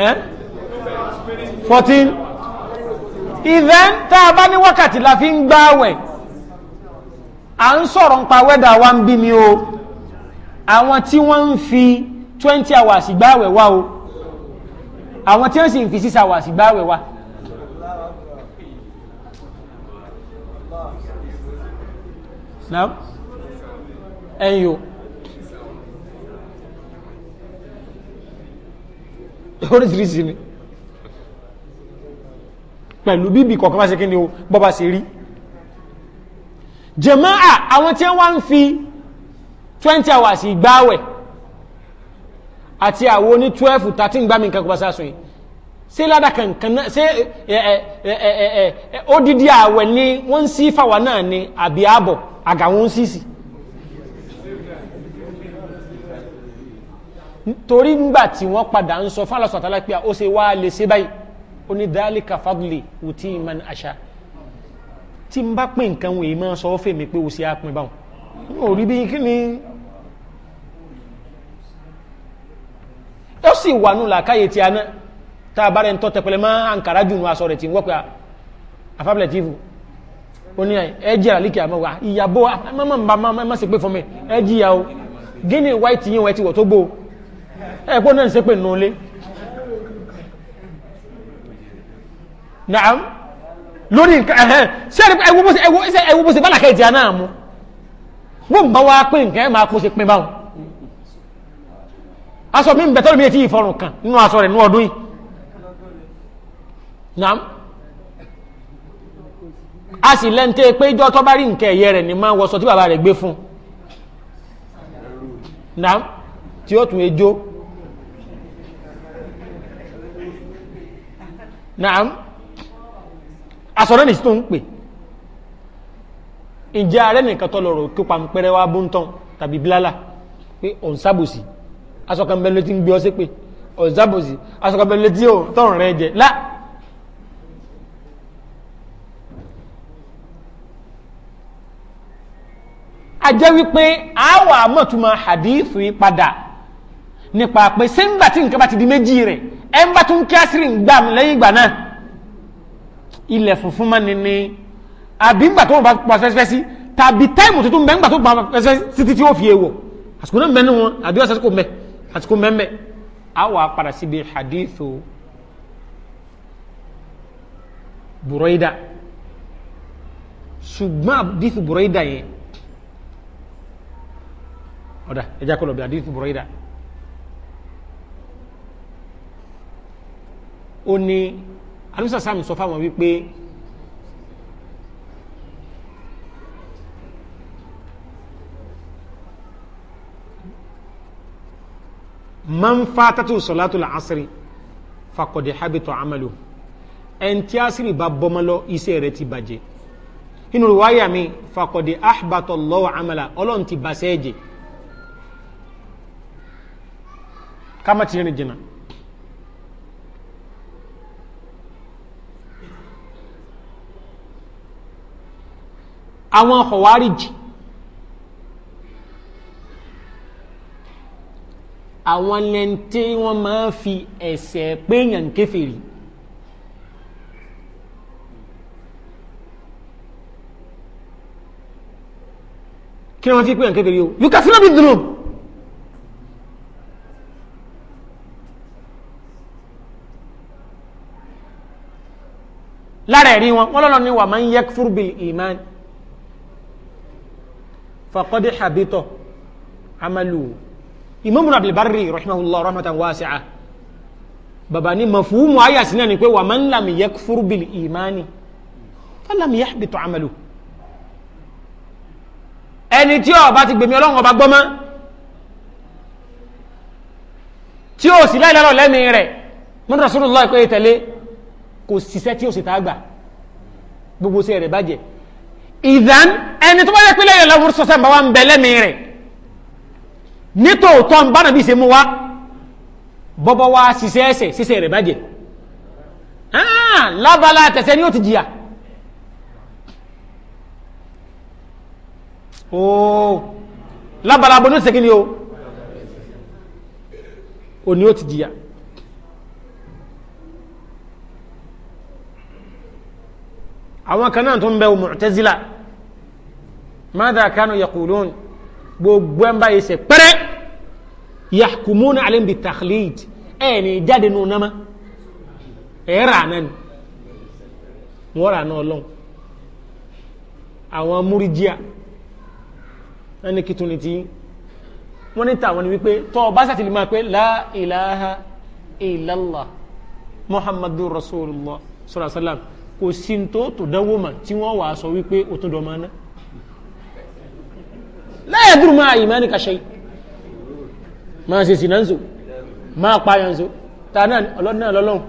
eh? 14 ìdẹ́n tá a bá ní wákàtí la fi ń gbáwẹ̀ à ń sọ̀rọ̀ ń pa wẹ́dà wa ń bí ni o àwọn tí wọ́n ń fi 20 hours gbáwẹ̀ wá o àwọn tí wọ́n sì ń fi 6 hours gbáwẹ̀ wá now ẹ̀yìn o oríṣiríṣi ni pẹ̀lú bíbí kọ̀ọ̀kan bá ṣe kí ni o bọ́ba ṣe rí jàmáà àwọn tí wọ́n ń fi 20 hours ìgbáwẹ̀ àti àwọn oní 12 13 gbámi nǹkan kọba sásun yìí ṣe ládàkà nǹkan náà ṣe ó dídí àwẹ̀ ni wọ́n ń sí fàwà torí ngbà tí wọ́n padà ń sọ fáwọn sọ̀tàlá pé ó ṣe wá lè ṣe báyìí ó ní dhalika fadli wùtí ìmọ̀ àṣà tí n bá pè nǹkan wòye máa sọ ọ́ fèmí pé ó ṣe á pin báwọn n ò rí bí kí ni ó sì wà nù làkàyè tí a ná tá a bá rẹ̀ ń tọ́ tẹpẹlẹ máa àǹkàrá jù nù aṣọ rẹ̀ tí ń wọ́pẹ́ àfábìlẹ̀ tìfù ó ní ẹjẹ́ àlíkẹ́ àmọ́ wa ìyàbọ̀ mọ́mọ́ ń bá mọ́ mọ́ sí pé fún mi ẹjìyà o gíní wáìtì yín wọ́n ti wọ̀ tó gbó ẹ̀pọ̀ náà ṣe pé nù naam lórí nǹkan ẹ̀hẹ́n ṣe ẹwú bó ṣe bálàkẹ́ ìjẹ́ náà mú wọ́n bá wá pé nǹkan ẹ̀ máa kó ṣe pín báwọn aṣọ mi ń bẹ̀tọ́ lómi etí ìfọrùn kan nínú aṣọ rẹ̀ ọdún yìí naam a sì lẹ́ntẹ́ pé tó bá rí nǹkan ẹ̀yẹ rẹ̀ máa fún naam tí ó tún ejó naam asọ̀rọ̀ nìsí tó ń pè ìjẹ́ ààrẹ nìkan tọ́ lọ́rọ̀ kí pàmpẹ́rẹ́ wá bóńtán tàbí blálà pé ọ̀n sábòsí asọ̀kanbẹ̀ ló ń gbé ọ sí pé ọ̀n sábòsí asọ̀kanbẹ̀ ló ti tọ̀rùn rẹ jẹ lá a jẹ́ wípé àwọ̀ àmọ̀túnmọ̀ hadith padà nípa pé sẹ́ńgbà tí nǹkan bá ti di méjì rẹ̀ ẹnba tún kíásìrì ń gbà mí lẹ́yìn ìgbà náà ilẹ̀ funfun máa ní ní àbí ńgbà tó bá pa fẹ́sífẹ́sí tàbí táìmù tuntun bẹ́ẹ̀ ńgbà tó pa fẹ́sífẹ́sí títí ó fi èèwọ̀ àsìkò náà mẹ́nu wọn àbí àsìkò mẹ́ àsìkò mẹ́mẹ́ a wà padà síbi hadithu Buraida ṣùgbọ́n hadithu Buraida yẹn ọ̀dà ẹja kọlọ̀ bí hadithu Buraida. ó ní alúsàsámi sọ fáwọn wípé man fatatu salatu al-asri faqad habita amalu en tí asiri bá bomalo iṣẹ́ rẹ̀ ti bàjẹ́ inú riwaya mi faqad ahbata Allahu amala olon ti baseje kama ti ni jina àwọn kọ̀wárìjì àwọn lẹ́ntí wọ́n máa ń fi ẹ̀sẹ̀ péyàn kéfèrè kí wọ́n fi péyàn kéfèrè o yóò kásí náà bí dùnú lára ẹ̀rí wọn wọ́n lọ́nà ni wà máa ń yẹ fúrúbì ìmáni fàkọ́dé habitọ̀ amalu imamu abdulbari rahimahullah rahmatan wasi'a baba ni mafuhumu aya sinna ni pé wa man lam yakfur bil imani falam yahbitu amalu ẹni tí ó bá ti gbèmí ọlọ́run ọba gbọ́mọ́ tí ó sì láìlọ́rọ̀ lẹ́mí rẹ̀ mọ́n rasulullah pé tẹ̀lé kò síṣẹ́ tí ó sì tá gbà gbogbo sí ẹ̀rẹ̀ bàjẹ́ ìdán ẹni tó bá yẹ pílẹ̀ ìlọ́wọ́ sọ́sẹ́ bá wà ń bẹ lẹ́mìí rẹ̀ nítòótọ́ ń bá nàbí ṣe mú wa bọ́bọ́ wa ṣiṣẹ́ ẹsẹ̀ ṣiṣẹ́ rẹ̀ bàjẹ́ ah, lábala tẹ̀sẹ̀ ni ó ti jìyà ooo lábala bọ́ ní ó ti ṣe ni o ò ní ó ti jìyà àwọn kan náà tó ń bẹ Mu'tazila madha kanu yaqulun gbogbo ẹ̀ ń bá yìí ṣe pẹ́rẹ́ yahkumuna alayhim bi takhlid ẹ̀ ní jáde nù náà ẹ̀ rà náà ni wọ́n rà náà lọ́n àwọn múríjíà wọ́n ní kìtùnì tí wọ́n ní tàwọn ni wípé tọ́ bá sàtìlì máa pé la ilaha illallah muhammadur sallallahu alaihi wasallam kò sí tó tó dánwò mà tí wọ́n wà sọ wípé ó tún dọ̀mọ́ ná láyé dúró máa yìí máa ní kàṣẹ́ máa ṣe sìnà ń so máa pààyàn so ta náà ọlọ́dún náà lọ́lọ́run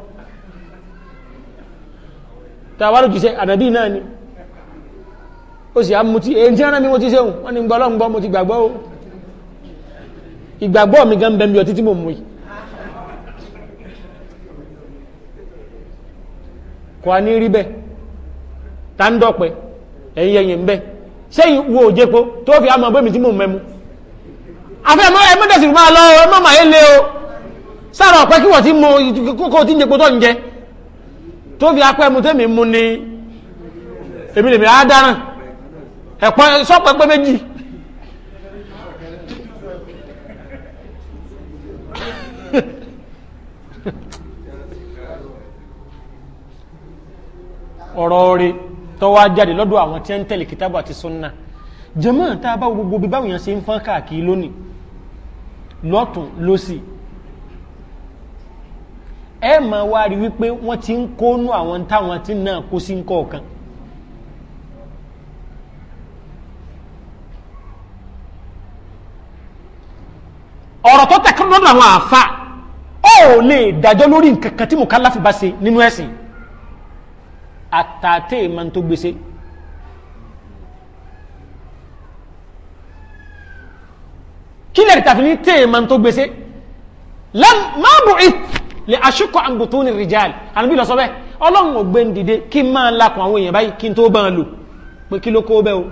ta wá lójú sẹ ànàbí náà ni ó sì á mutí èyí tí wọ́n mi mo ti sẹ́wọ̀n wọ́n ni gbọ́ lọ́ngbọ́ mo ti gbàgbọ́ o ìgbàgbọ́ mi gan bẹ́ẹ̀ mi ọtí tí mo mú yìí kò a ní rí bẹ́ẹ̀ ta ń dọ̀pẹ́ ẹ̀yìn ẹ̀yìn ń bẹ́ sẹ́yìn wo òjepo tó fi àmọ́ bẹ́ẹ̀ mi tí mò ń mẹ́mu àfẹ́ ẹ̀mọ́ ẹ̀mọ́ tẹ̀sí máa lọ ẹ̀mọ́ màá yé o sára ọ̀pẹ́ kí wọ́n ti mọ kókó tí ń jẹ kótó ń jẹ tó fi apẹ́ mu tẹ́mi mu ni èmi lèmi á dáràn ẹ̀pọ́ sọ́pẹ́ pé méjì ọ̀rọ̀ rẹ̀ tó wá jáde lọ́dọ̀ àwọn tí ń tẹ̀lé kìtàbù àti sunna jàmáà tá a bá gbogbo bí báwọn yẹn ṣe ń fọ́n káàkiri lónìí lọ́tún lọ́sì ẹ máa wá rí wípé wọ́n ti ń kónú àwọn táwọn tí náà kó sí ń kọ̀ọ̀kan ọ̀rọ̀ tó tẹ̀kọ́ lọ́dọ̀ àwọn àfa ó lè dájọ́ lórí nǹkan kan tí mùkálàfù bá ṣe nínú ẹ̀sìn àtàtẹ́ ìmọ̀ tó gbèsè kí lè tàfi ní tẹ́ ìmọ̀ tó gbèsè máa bù í lè aṣíkọ̀ àǹbùtó ní rìjáàlì àníbí lọ sọ́bẹ̀ ọlọ́run ò gbé ń dìde kí máa lakùn àwọn èèyàn báyìí kí n tó bá ń lò pé kí ló kó bẹ́ o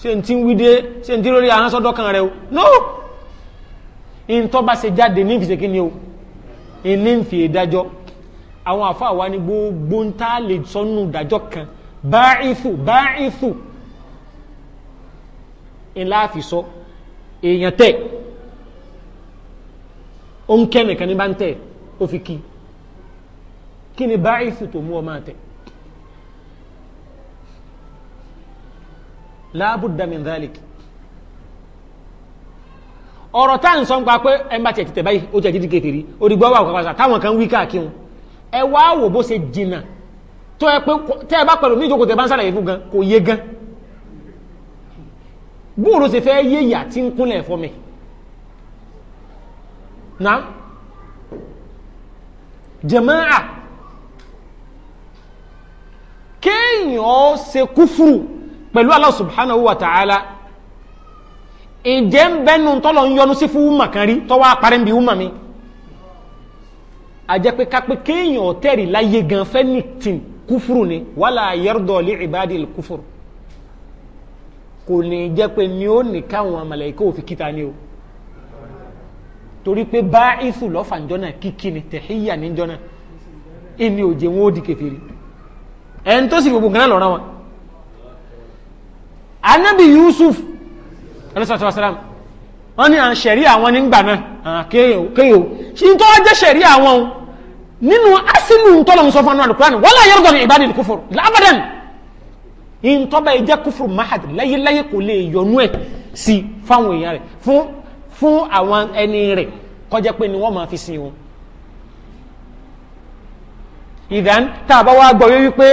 ṣe n tí ń wíde ṣe n tí lórí aránsọ́dọ́ kan rẹ o no ìntọ́ bá ṣe jáde ní ìfìṣẹ́kí ni o ìní ń fi ìdájọ́ àwọn àfa wa ni gbogbo ń tá lè sọnù ìdájọ́ kan báìfù báìfù ńlá àfisọ èèyàn tẹ ó ń kẹ́ nìkan ní bá ń tẹ ó fi kí kí ni báìfù tó mú ọ máa tẹ láàbùdà min dhalik ọ̀rọ̀ tá à ń sọ ń pa pé ẹ̀ ń tiẹ̀ ti tẹ̀ báyìí ó tiẹ̀ ti di kékeré ó di gbọ́ wà kọ́kọ́ sá táwọn kan wí káàkiri ẹ wá wò bó ṣe jìnnà tó ẹ pé tẹ́ ẹ bá pẹ̀lú ní ìjókòó tẹ́ bá ń sàlàyé fún gan kò yé gan bóòrò ṣe fẹ́ yé ìyà tí ń kúnlẹ̀ fọ́ mi na jẹ̀máà kéèyàn ó ṣe kúfùrù pẹ̀lú Allah subhanahu wa ta'ala ìjẹ́ ń bẹ́nu tọ́lọ ń yọnu sí fún wúmà kan rí tọ́wọ́ aparẹ́ ń bi wúmà mi àjẹ́ pé kápẹ́ kéèyàn ọ̀tẹ́rì láyé gan fẹ́ni tì kúfùrù ni wàhálà yẹ́rùdọ̀ lé ìbádìí kúfùrù kò ní jẹ́ pé ni ó ní káwọn màláíkà òfin kíta ni o torí pé bá ìfù lọ́fà njọ́nà kíkí ni tẹ̀híyà ní ìní òjè wọn ó di kẹfìrí ẹ̀ tó sì gbogbo nǹkan náà wọn. anabi yusuf alayhi salatu wa salam wọ́n ní à ah, ń ṣẹ̀rí àwọn nígbà náà ah, kéèyàn ṣí tó wá jẹ́ ṣẹ̀rí àwọn o nínú asinu tọ́lọ̀ ń sọ fún anúwàlù kúránì wọ́n láyé rọ̀dọ̀ ní ìbádìí kúfùrù lábàdàn ìntọ́ba ìjẹ́ kúfùrù mahad láyéláyé kò lè yọnú ẹ̀ sí fáwọn èèyàn rẹ̀ fún fún àwọn ẹni rẹ̀ kọjá pé ni wọ́n máa fi sin o ìdán tá a bá wá gbọ́ yé wípé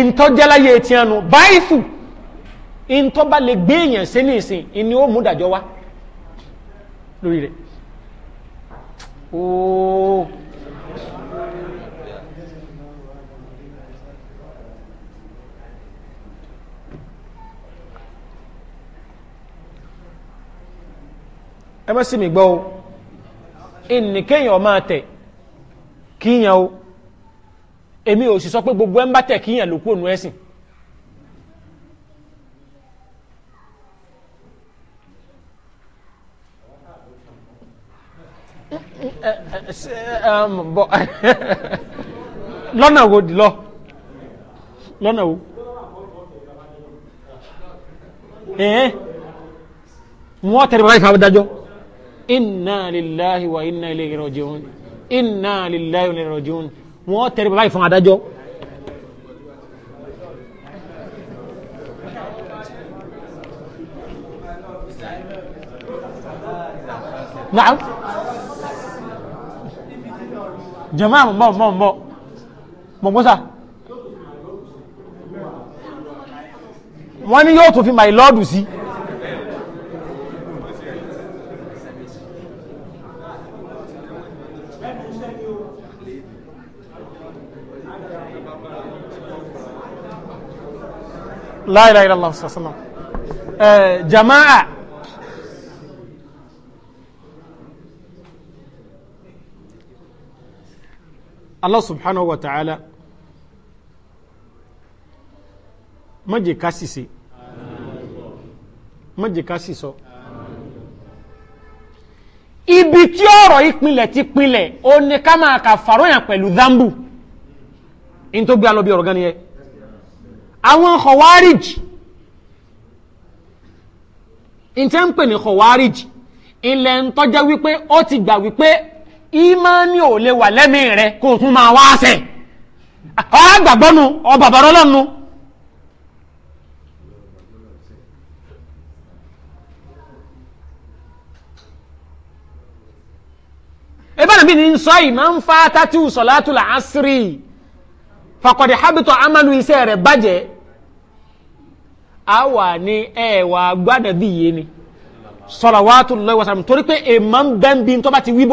ìntọ́jáláyé tiẹnu báyìí fù ìntọ́ba lè gbé èèyàn sí ní ìsìn ìní ó mú dàjọ́ wá lórí rẹ̀ ooo ẹmọ́ sí mi gbọ́ o ìní kéèyàn máa tẹ̀ kíyàn o èmi ò sì sọ pé gbogbo ẹ̀ ń bá tẹ̀ kíyàn lókù ònú ẹ̀sìn Um, lọ́nà wo dìlọ lọ́nà wo ẹ̀ẹ́ wọ́n tẹ̀lé bàbá ìfàwọ́ dájọ́ inna lillahi wa inna ilayhi raji'un inna lillahi wa inna ilayhi raji'un wọ́n tẹ̀lé bàbá ìfàwọ́ dájọ́ Naam jẹ̀mọ́ àmọ́ mbọ́ mbọ́ mbọ́ mọ̀gbọ́sà wọ́n ní yóò tó fi my lord sí la ilaha illallah sallallahu alaihi wasallam eh, jama'a Allah subhanahu wa ta'ala má jẹ́ ká ṣìṣe má jẹ́ ká sísọ ibi tí ọ̀rọ̀ ìpínlẹ̀ ti pinlẹ̀ ó ní ká máa kà fàróyàn pẹ̀lú zambu in tó gbé alọ́bí ọ̀rọ̀ gániyẹ àwọn khawarij in tẹ́ ń pè ní khawarij ilẹ̀ ń tọ́jẹ́ wípé ó ti gbà wípé ìmánì ò lè wà lẹ́mìí rẹ kó o tún máa wá sẹ̀ ọ̀rá gbàgbọ́ ebana bi ni nsọ yìí máa ń fa tatu sọláàtù là ásírì fakọ̀dé habitọ̀ amalu iṣẹ́ rẹ̀ bàjẹ́ àwa ni ẹ̀ wà gbàdàbí yìí ni sọlọ́wàtù lọ́wọ́sàmù torí pé èèmọ̀ ń bẹ́ẹ̀ bí tó bá ti wí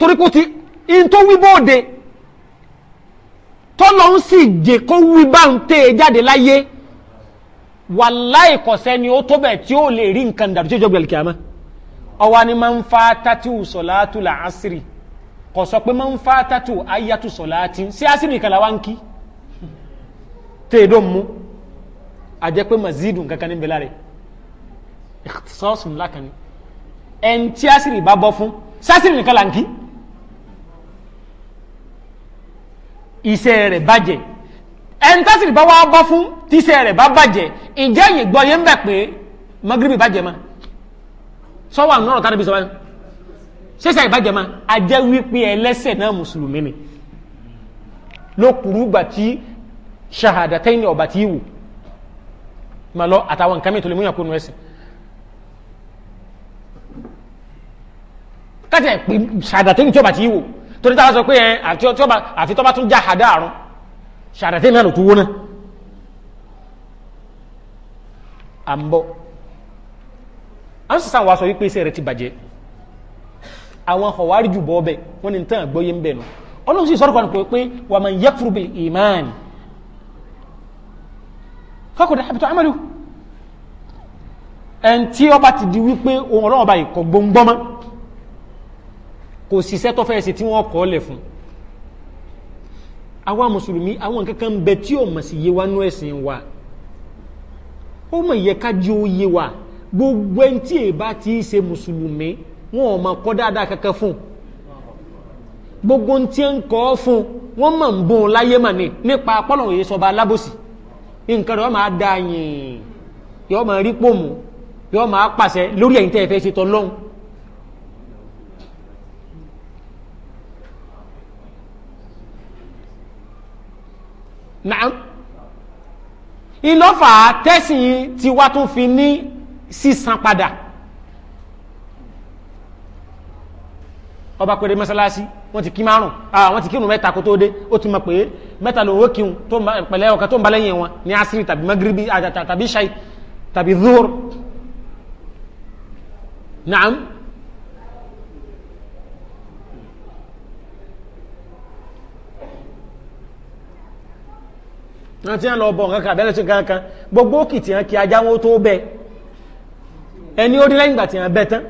torí kó ti in tó wí bóde tọ́lọ́ ń sì jẹ́ kó wí bá ń tẹ́ ẹ jáde láyé wàláì kọ̀sẹ́ ni ó tó bẹ̀ tí ó lè rí nǹkan dàbí tí ó jọ gbẹ̀lì kìámá ọwa ni máa ń fa tátù sọ̀láàtù làásìrì kò sọ pé máa ń fa tátù ayátù sọ̀láàtì sí àsìrì kan làwa ń kí tèèdó mú a pé mazidun kankan níbi láre ìsọ́sùn lákan ẹn tí àsìrì bá bọ́ fún sásìrì nìkan là ń kí iṣẹ́ rẹ̀ bàjẹ́ ẹni tásìrì bá wá bọ́ fún tíṣẹ́ rẹ̀ bá bàjẹ́ ìjẹ́ yìí gbọ́ yẹn ń bẹ̀ pé magribi bàjẹ́ ma sọ́wọ́ àwọn ọ̀rọ̀ tábìlì sọ́wọ́ ṣẹ́ṣẹ́ ìbàjẹ́ ma a jẹ́ wípé ẹlẹ́sẹ̀ náà mùsùlùmí ni ló kúrú gbà tí ṣahadatẹ́ni ọ̀bà tí wù ma lọ àtàwọn nǹkan mìíràn tó lè múyàn kó nu ẹ̀sìn kájà pé ṣahadatẹ́ni tí ọ̀bà tí wù torí a sọ pé ẹ àfi tó bá tún já àdá àrùn ṣàdàtí náà ló tún wó náà à ń bọ́ à ń sísan wàá sọ wípé iṣẹ́ rẹ ti bàjẹ́ àwọn ọ̀wárí jù bọ́ ọbẹ̀ wọ́n ní tán àgbọ́yé ń bẹ̀ nù ọlọ́run sì sọ́rọ̀ kan pé wà máa yẹ fúrubì ìmáàni fọ́kùnrin àbìtọ́ amẹ́lú ẹn tí ọba ti di wípé ohun ọlọ́run ọba ìkọ̀ gbóngbọ́n mọ́ kò síṣẹ́ tó fẹ́ẹ́ sí tí wọ́n kọ́ lẹ̀ fún awa mùsùlùmí àwọn kankan bẹ tí ò mọ̀ sí yé wa nú ẹ̀sìn wa ó mọ̀ yẹ ká jí ó yé wa gbogbo ẹni tí èèbá ti ṣe mùsùlùmí wọn ò mọ̀ kọ́ dáadáa kankan fún gbogbo ń tí ń kọ́ fún wọ́n mọ̀ ń bùn láyé mà ní nípa pọ́lọ̀wọ̀ yìí sọba alábòsí nǹkan rẹ̀ wọ́n máa da yìnyín yọ́ máa rí pòmù yọ́ máa pàṣẹ lórí ẹ̀yìn tẹ́ ẹ fẹ́ ṣe tọ́lọ́hún naam ìlọ́fà tẹ́sìn tí wá tún fi ní sísan padà ọba pèrè mọ́sálásí wọ́n ti kí márùn ah wọ́n ti kírun mẹ́ta kó tó dé ó ti mọ̀ pé mẹ́ta lòun ó kíhun tó pẹ̀lẹ́ ọ̀kan tó ń balẹ̀ yẹn wọn ní asiri tàbí magribi tàbí shai tàbí zuhur naam náà tí wọ́n lọ bọ̀ nǹkan kan àbẹ́lẹ̀ sí nǹkan kan gbogbo òkì tí wọ́n kí ajá wọn tó bẹ ẹni ó dín lẹ́yìn ìgbà tí wọ́n bẹ tán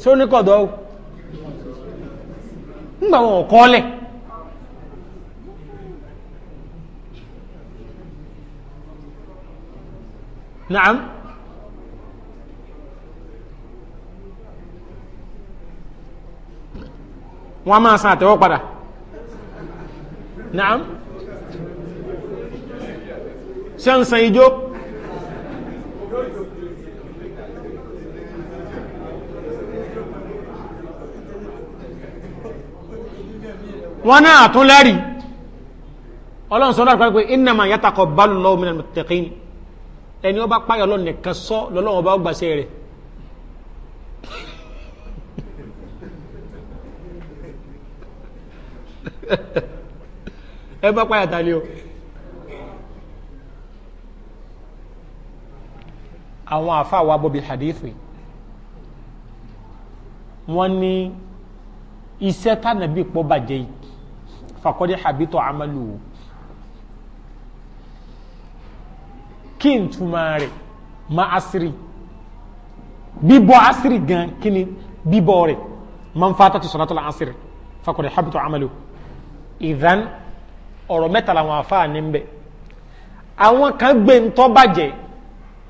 sí oníkọ̀dọ̀ ńgbà wọn kọ́lẹ̀ naam máa san padà naam. ṣẹ́ǹsàn ijó wọ́n náà tún lẹ́rì ọlọ́run sọ́dọ̀ àpapọ̀ innama yataqabbalullahu minal muttaqin ẹni ọba páyọ̀ lọ nìkan sọ lọ́lọ́run ọba ọgbàṣẹ́ rẹ̀ ẹ bá páyà tàlẹ́ o àwọn àfa wa bọ̀ bí hadithi wọ́n ní iṣẹ́ tánàbí pọ̀ bàjẹ́ fàkọ́dé habitọ̀ amalu kí n túmọ̀ rẹ̀ ma asiri bíbọ̀ asiri gan kí ni bíbọ̀ rẹ̀ man fata ti sọ̀nàtọ̀ la asiri fàkọ́dé habitọ̀ amalu ìdán ọ̀rọ̀ mẹ́ta làwọn àfa ní bẹ́ẹ̀ àwọn kan gbé ń tọ́ bàjẹ́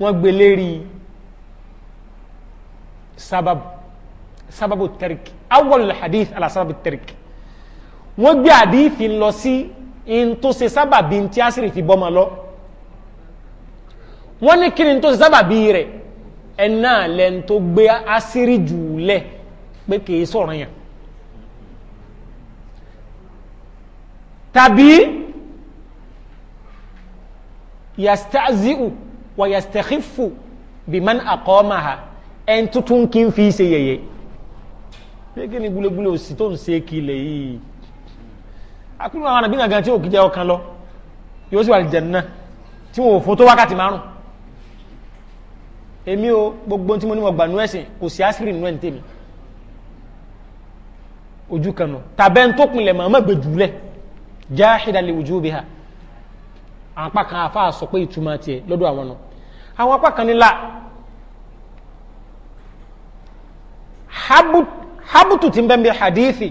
wọ́n gbé lérí sábàbù sábàbù tẹ́ríkì awọ́lù hadith ala sábàbù tẹ́ríkì wọ́n gbé hadith lọ sí in tó ṣe sábàbí tí a sì fi bọ́mọ lọ wọ́n ní kí ni tó ṣe sábàbí rẹ̀ ẹ̀ náà gbé asírí jù lẹ̀ pé kìí sọ̀rọ̀ yàn tàbí yastazi'u wàyàstẹ̀kífù bí man àkọ́ọ́mà ha ẹn tuntun kí n fi ṣe yẹ̀yẹ́ gbẹ́gẹ́ ni gúlégúlé òsì tó ń ṣe kílẹ̀ yìí akúrò àwọn àbí gàgán tí ò kí jẹ́ ọkàn lọ yóò sì wà lè jẹ̀nà tí wọn ò fún tó wákàtí márùn èmi o gbogbo tí mo ní mo gbà nú ẹ̀sìn kò sí àṣírí nú ẹ̀ǹ tèmi ojú kan nù tàbẹ́ ń tó pinlẹ̀ màmá gbèjúlẹ̀ jáhìdá lè wùjú bí ha àpá kan àfa sọ pé ìtumọ̀ tiẹ̀ lọ́dọ̀ àwọn náà àwọn apá kan nílá habutu ti ń bẹ́m̀bẹ̀ hadithi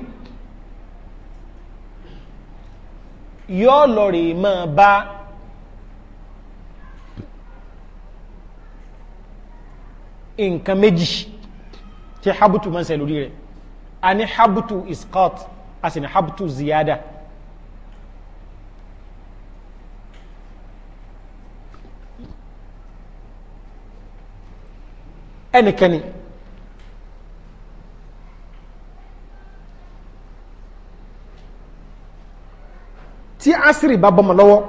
yóò lọ rí máa bá nǹkan méjì tí habutu máa ń lórí rẹ̀ a ní habutu isqat a sì ní habutu ziyada ẹnikẹ́ni tí asiri bá bọ́mọ̀ lọ́wọ́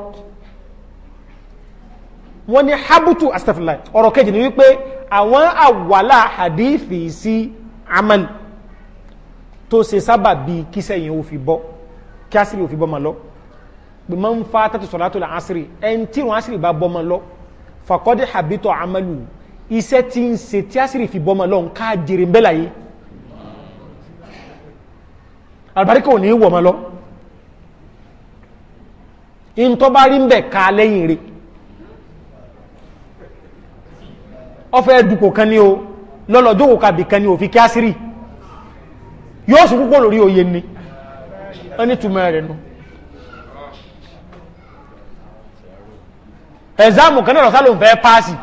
wọ́n ni habutu astagfirullah ọ̀rọ̀ kejì ni wípé àwọn àwàlá hadithi sí aman tó ṣe sábà bí kíṣẹ́ yìí ó fi bọ́ kí asiri ó fi bọ́mọ̀ lọ pè mọ́ ń fa tàtù sọ̀látò lásìrì ẹni tí wọ́n asiri bá bọ́mọ̀ lọ fàkọ́dé habitọ̀ amalu iṣẹ́ tí ń ṣe tí a sì rí fi bọ́mọ lọ́n ká jèrè ń bẹ́lá yìí àlùbáríkà ò ní wọ̀ mọ́ lọ in tó bá rí ń bẹ̀ ká lẹ́yìn rẹ̀ ọfẹ́ dùpò kan ní o lọ́lọ́jọ́ òkàbì kan ní òfin kí a sì rí yóò sì púpọ̀ lórí oyè ni wọ́n ní túmọ̀ rẹ̀ nù ẹ̀záàmù kan náà lọ́sálòmù fẹ́ páàsì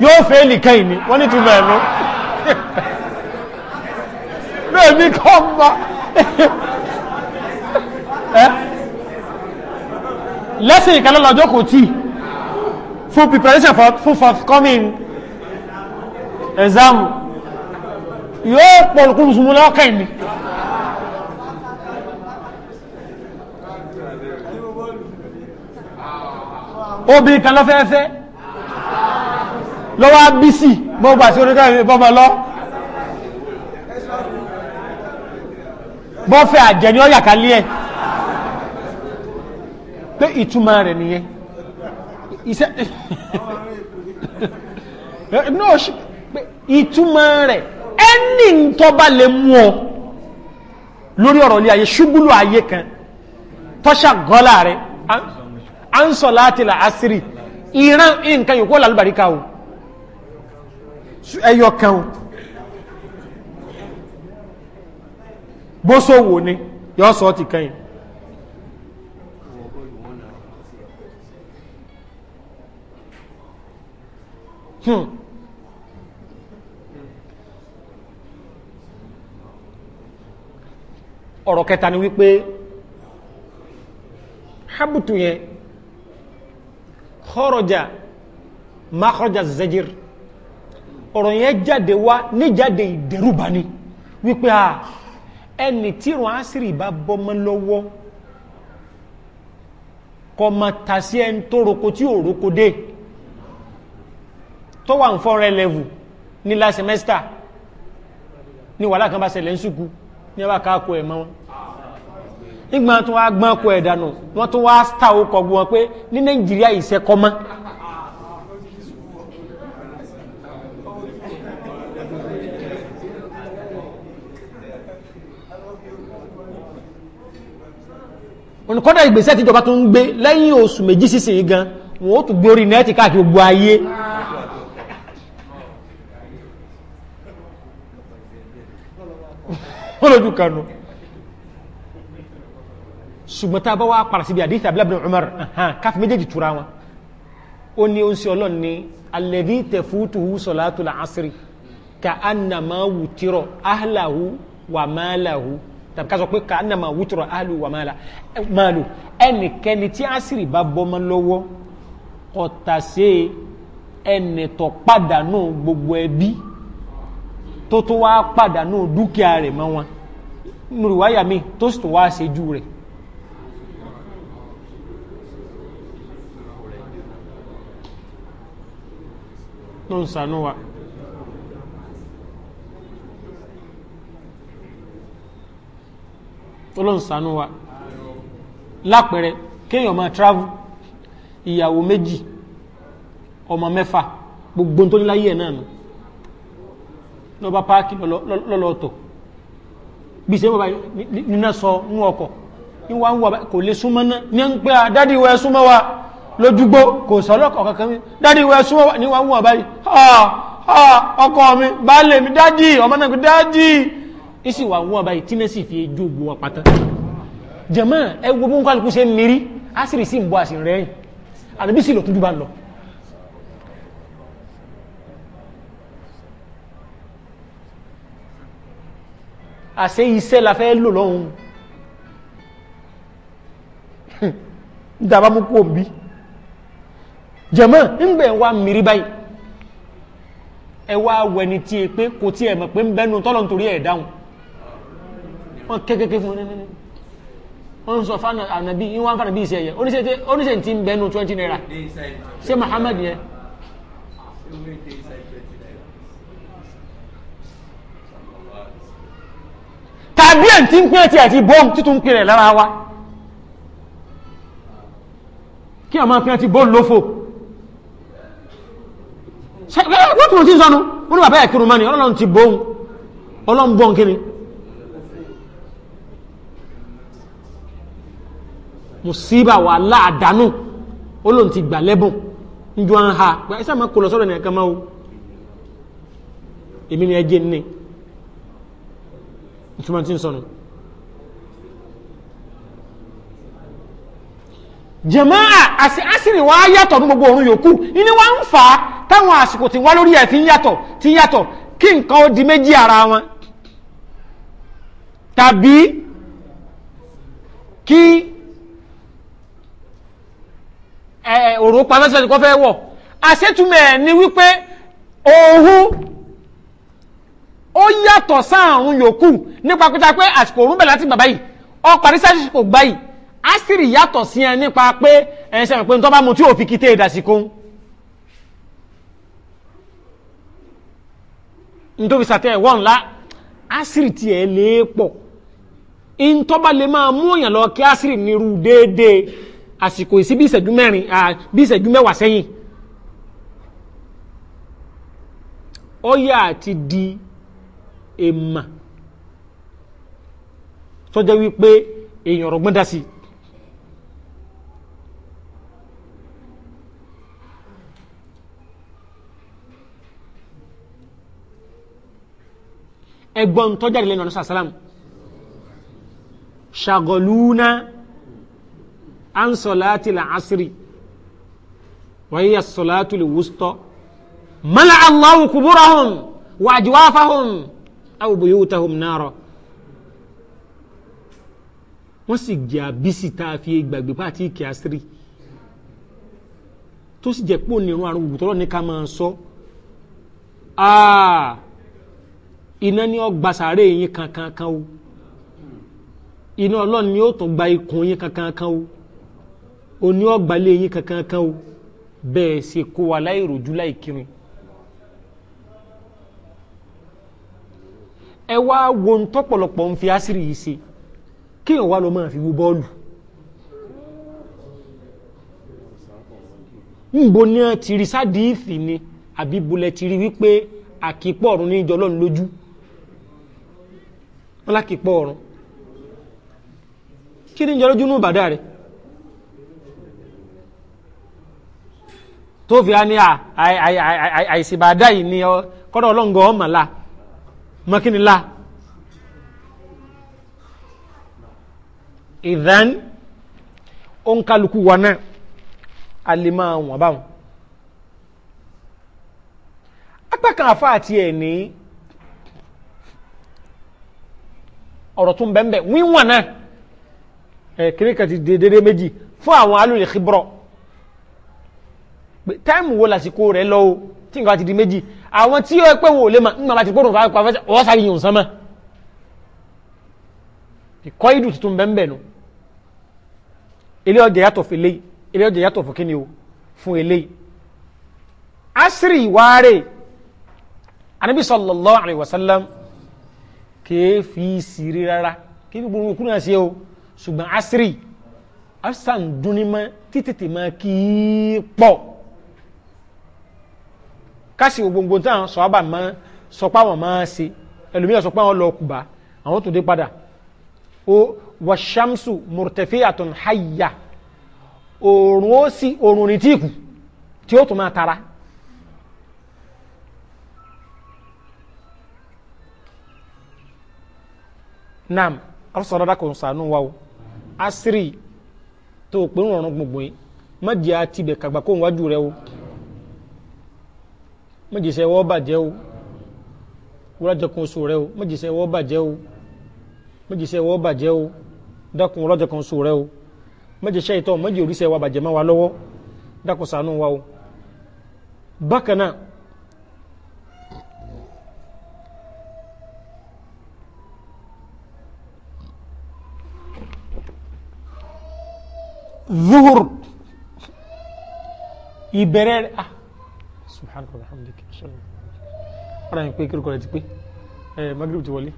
yóò fẹ́ nìkan ìní wọ́n ní túnmọ̀ ẹ̀nu mẹ́ẹ̀mí kọ́ mọ́ ẹ́ lẹ́sìn ìkàlẹ́ lọ́jọ́ kò tí fún preparation for fún forthcoming exam yóò pọ̀lùkú musulmi lọ́kàn ìní obìnrin kan lọ́fẹ́ẹ́fẹ́ lọ́wọ́ bísì gbogbo àti orí káyọ̀ bọ́mọ lọ. bọ́fẹ́ àjẹ́ ni ó yà kálí ẹ̀ pé ìtumọ̀ rẹ̀ nìyẹn iṣẹ́ náà ìtumọ̀ rẹ̀ ẹni tọ́ba lè mú ọ lórí ọ̀rọ̀ ilé ayé ṣubúlù ayé kan tọ́ṣà gọ́là rẹ̀ ansọ̀ láti là ìran nǹkan yòókù làlùbáríkà o ẹyọ kan o bóṣòwò ni yọ sọ ti kẹyìn hmm. ọ̀rọ̀ kẹta ni wípé habutu yẹn kharaja makhraja zajir ọ̀rọ̀ yẹn jáde wá ní jáde ni wípé a ẹni tí ìrun àṣírí bá bọ́mọ́ lọ́wọ́ kọ ma ta sí ẹni tó roko tí ò roko dé tó wà ń fọ́nrẹ́ lẹ́vù ní last semester ní wàhálà kan bá ṣẹlẹ̀ ń sùkú ní ẹwà káàkó ẹ̀ mọ́ wọn nígbà tó wá gbọ́n kó ẹ̀ dànù wọ́n tó wá star ó kọ̀ wọn pé ní nàìjíríà ìṣẹ́kọ́ mọ́ kọ́dà ìgbésẹ̀ tíjọba tó ń gbé lẹ́yìn oṣù méjì sísìn gan wọ́n ó tún gbé orí nẹ́ẹ̀tì káàkiri gbogbo ayé wọ́n lójú kanu ṣùgbọ́n tá a bá wá padà síbi àdìsí Abdullah ibn Umar káfí méjèèjì tura wọn ó ní ó ń ṣe ọlọ́run ní alladhi tafutuhu salatul ka annama wutiro ahlahu wa malahu tàbí ká sọ pé káà nàmà wútúrọ̀ áàlù wà máa eh, lò ẹnìkẹ́ni tí àṣírí bá bọ́mọ lọ́wọ́ ọ̀tàṣe ẹnìtọ̀ pàdánù gbogbo ẹbí tó tó wá pàdánù dúkìá rẹ̀ mọ́ wọn nùrùwáyà mi tó sì tó wá ṣejú rẹ̀ ló ń sanú wa. ọlọ́run ṣàánú wa lápẹẹrẹ kéèyàn máa travel ìyàwó méjì ọmọ mẹ́fà gbogbo tó níláyé ẹ̀ náà nù lọ́ba páàkì lọ́lọ́ọ̀tọ̀ bí i ṣe bàbá níná sọ ní ọkọ̀ níwá ń wà kò lè súnmọ́ náà ní ń pẹ́ dádì wẹ́ súnmọ́ wa lójúgbó kò sọ́lọ́kọ̀ kankan mi dádì wẹ́ súnmọ́ wa níwá ń wà báyìí ọkọ̀ mi bá mi dádì ọmọ náà dádì isi wà wọ́n báyìí tí náà sì fi ojú ogun wọn pátá jẹ̀mọ́ ẹ wo bóun kálukú ṣe ń mérí á sì rí sí ìbò àsìn rẹ̀ yìí àdàbí sì lọ tó dúbà lọ. àṣẹ iṣẹ́ la fẹ́ lò lọ́hùn hm. dàbá mú kó bí jẹ̀mọ́ ń bẹ̀ wá mérí báyìí ẹ wá wẹni tí e pé kò tí ẹ mọ̀ pé ń bẹ́nu tọ́lọ̀ nítorí wọ́n kékeré fún nínú wọ́n sọ fún ànàbí ìwọ̀n fànàbí ìṣẹ́ yẹ oníṣẹ́ tí ń bẹnu 20 naira ṣe Muhammad yẹ tàbí ẹ̀ tí ń pín ẹ̀tì àti bọ́m títún pín rẹ̀ lára wa kí a máa pín ẹ̀tì bọ́m lófò wọ́n tún ti sọnù wọ́n ní bàbá ẹ̀kírun mọ́ni ọlọ́run ti bọ́m ọlọ́run bọ́m kíni mùsíbà wà láàdánù ó lòun ti gbà ha gba ẹ sáà máa kó lọ sọ́dọ̀ nìkan máa wo èmi ni ẹ jẹ́ ní ìtumọ̀ tí ń sọnù. jẹ̀máà àti àsìrì wa yàtọ̀ ní gbogbo òun yòókù ní wọ́n ń fà á táwọn àsìkò tí wá lórí ẹ̀ ti ń yàtọ̀ ti ń yàtọ̀ kí di méjì ara wọn tàbí kí òrò pamẹ́sẹ̀ nìkan fẹ́ wọ̀ àṣetumẹ̀ ni wípé òhun ó yàtọ̀ sáàrùn yòókù nípa pípa pé àsìkò òrùn bẹ̀rẹ̀ láti bàbá yìí ọkọ̀ àti sásìkò gbà yìí àṣírí yàtọ̀ sí ẹ nípa pé ẹ̀ ń sẹ́wọ̀n pé nítorí bá mu tí kìtẹ́ ìdásíkò nítorí ńlá àṣírí tiẹ̀ lè pọ̀ àsìkò ìsí bí ìṣẹ́jú mẹ́rin bí ìṣẹ́jú mẹ́wàá sẹ́yìn ó àti di èèmà tó jẹ́ wípé èèyàn ọ̀rọ̀ gbọ́dá sí ẹgbọ́n tó jáde lẹ́nu ọ̀nà sàlámù ṣàgọ̀lúnà an solati la asiri wàyíyà solati la wustọ mala allahu kuburahum wàjúwáfahum aw buyutahum naro wọ́n sì jẹ́ àbísí tá a fi gbàgbé pàtí ìkẹ́ àsírí tó sì jẹ́ pé òní irun àrùn òwúrọ̀ ní ká máa sọ iná ní ọgbà sàárè yín kankan kan o iná ọlọ́run ó tún gba ikùn yín kankan kan o oní ọgbàlẹ̀ yín kankan kan o bẹ́ẹ̀ ṣe kó wa láì rojú láì kírun ẹ wá wo ń tọ́pọ̀lọpọ̀ ń fi àṣírí yìí ṣe kí n wá lọ máa fi wo bọ́ọ̀lù nbo ní ọ ti rí sádìífì ni àbí bulẹ̀ ti rí wípé àkípọ̀ ọ̀run ní ìjọlọ́run lójú wọn lákìpọ̀ ọ̀run kí ni ìjọlọ́jú nù bàdá rẹ̀ tó fi á ní àìsìbàdá yìí ni kọ́dọ̀ ọlọ́ngọ ọmọ la mọ́kínni la ìdán òǹkàlùkù wà náà a lè máa wọ̀n báwọn apá kan àfa àti ẹ̀ ní ọ̀rọ̀ tó ń bẹ́ẹ̀ wíwọ̀n náà kìnnìkan ti dédé méjì fún àwọn alùlẹ̀ kíbrọ̀ pé wo lásìkò rẹ̀ lọ o tí nǹkan ti di méjì àwọn tí ó pé wọn ò lè mà nígbà láti gbóòrùn fáwọn pàfẹ́sẹ̀ ọwọ́ sáré yìí ò sánmà ìkọ́ ìdù tuntun bẹ́ẹ̀ nu ilé ọjà yàtọ̀ fún eléyìí ilé ọjà yàtọ̀ fún kíni o fún eléyìí asiri ìwárè anabi sallallahu alayhi wa sallam kìí fi sírí rárá kìí fi gbogbo kúrò sí o ṣùgbọ́n asiri asan dunni ma títètè ma kìí pọ̀ kásì gbogbo tí àwọn sọ àbà máa sọ pé àwọn máa ṣe ẹlòmíràn sọ pé àwọn lọ kùbà àwọn tó dé padà ó wàṣàmsù murtafi'atun hayya òòrùn ó sì òòrùn ní tíìkù tí ó tún máa tara nam afisọ dada kò sànú wa o asiri tó o pè ń rọrùn gbogbo yìí má jẹ́ àti ibẹ̀ kàgbà kó wájú rẹ o mọ́jìṣẹ́ wọ́ bàjẹ́ o rọ́jọkun oṣù rẹ o mọ́jìṣẹ́ wọ́ bàjẹ́ o mọ́jìṣẹ́ wọ́ bàjẹ́ o dákun rọ́jọkun oṣù rẹ o mọ́jìṣẹ́ ìtọ́ mọ́jì oríṣẹ́ wa bàjẹ́ mọ́ wa lọ́wọ́ dákun ṣàánú wa o bákan náà zuhur ìbẹ̀rẹ̀ ah سبحانك وبحمدك اشهد ان لا اله الا انت استغفرك واتوب اليك إيه، مغرب تولي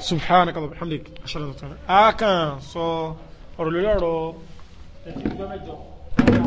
سبحانك اللهم وبحمدك اشهد ان لا اله الا انت اكن آه، سو اورلورو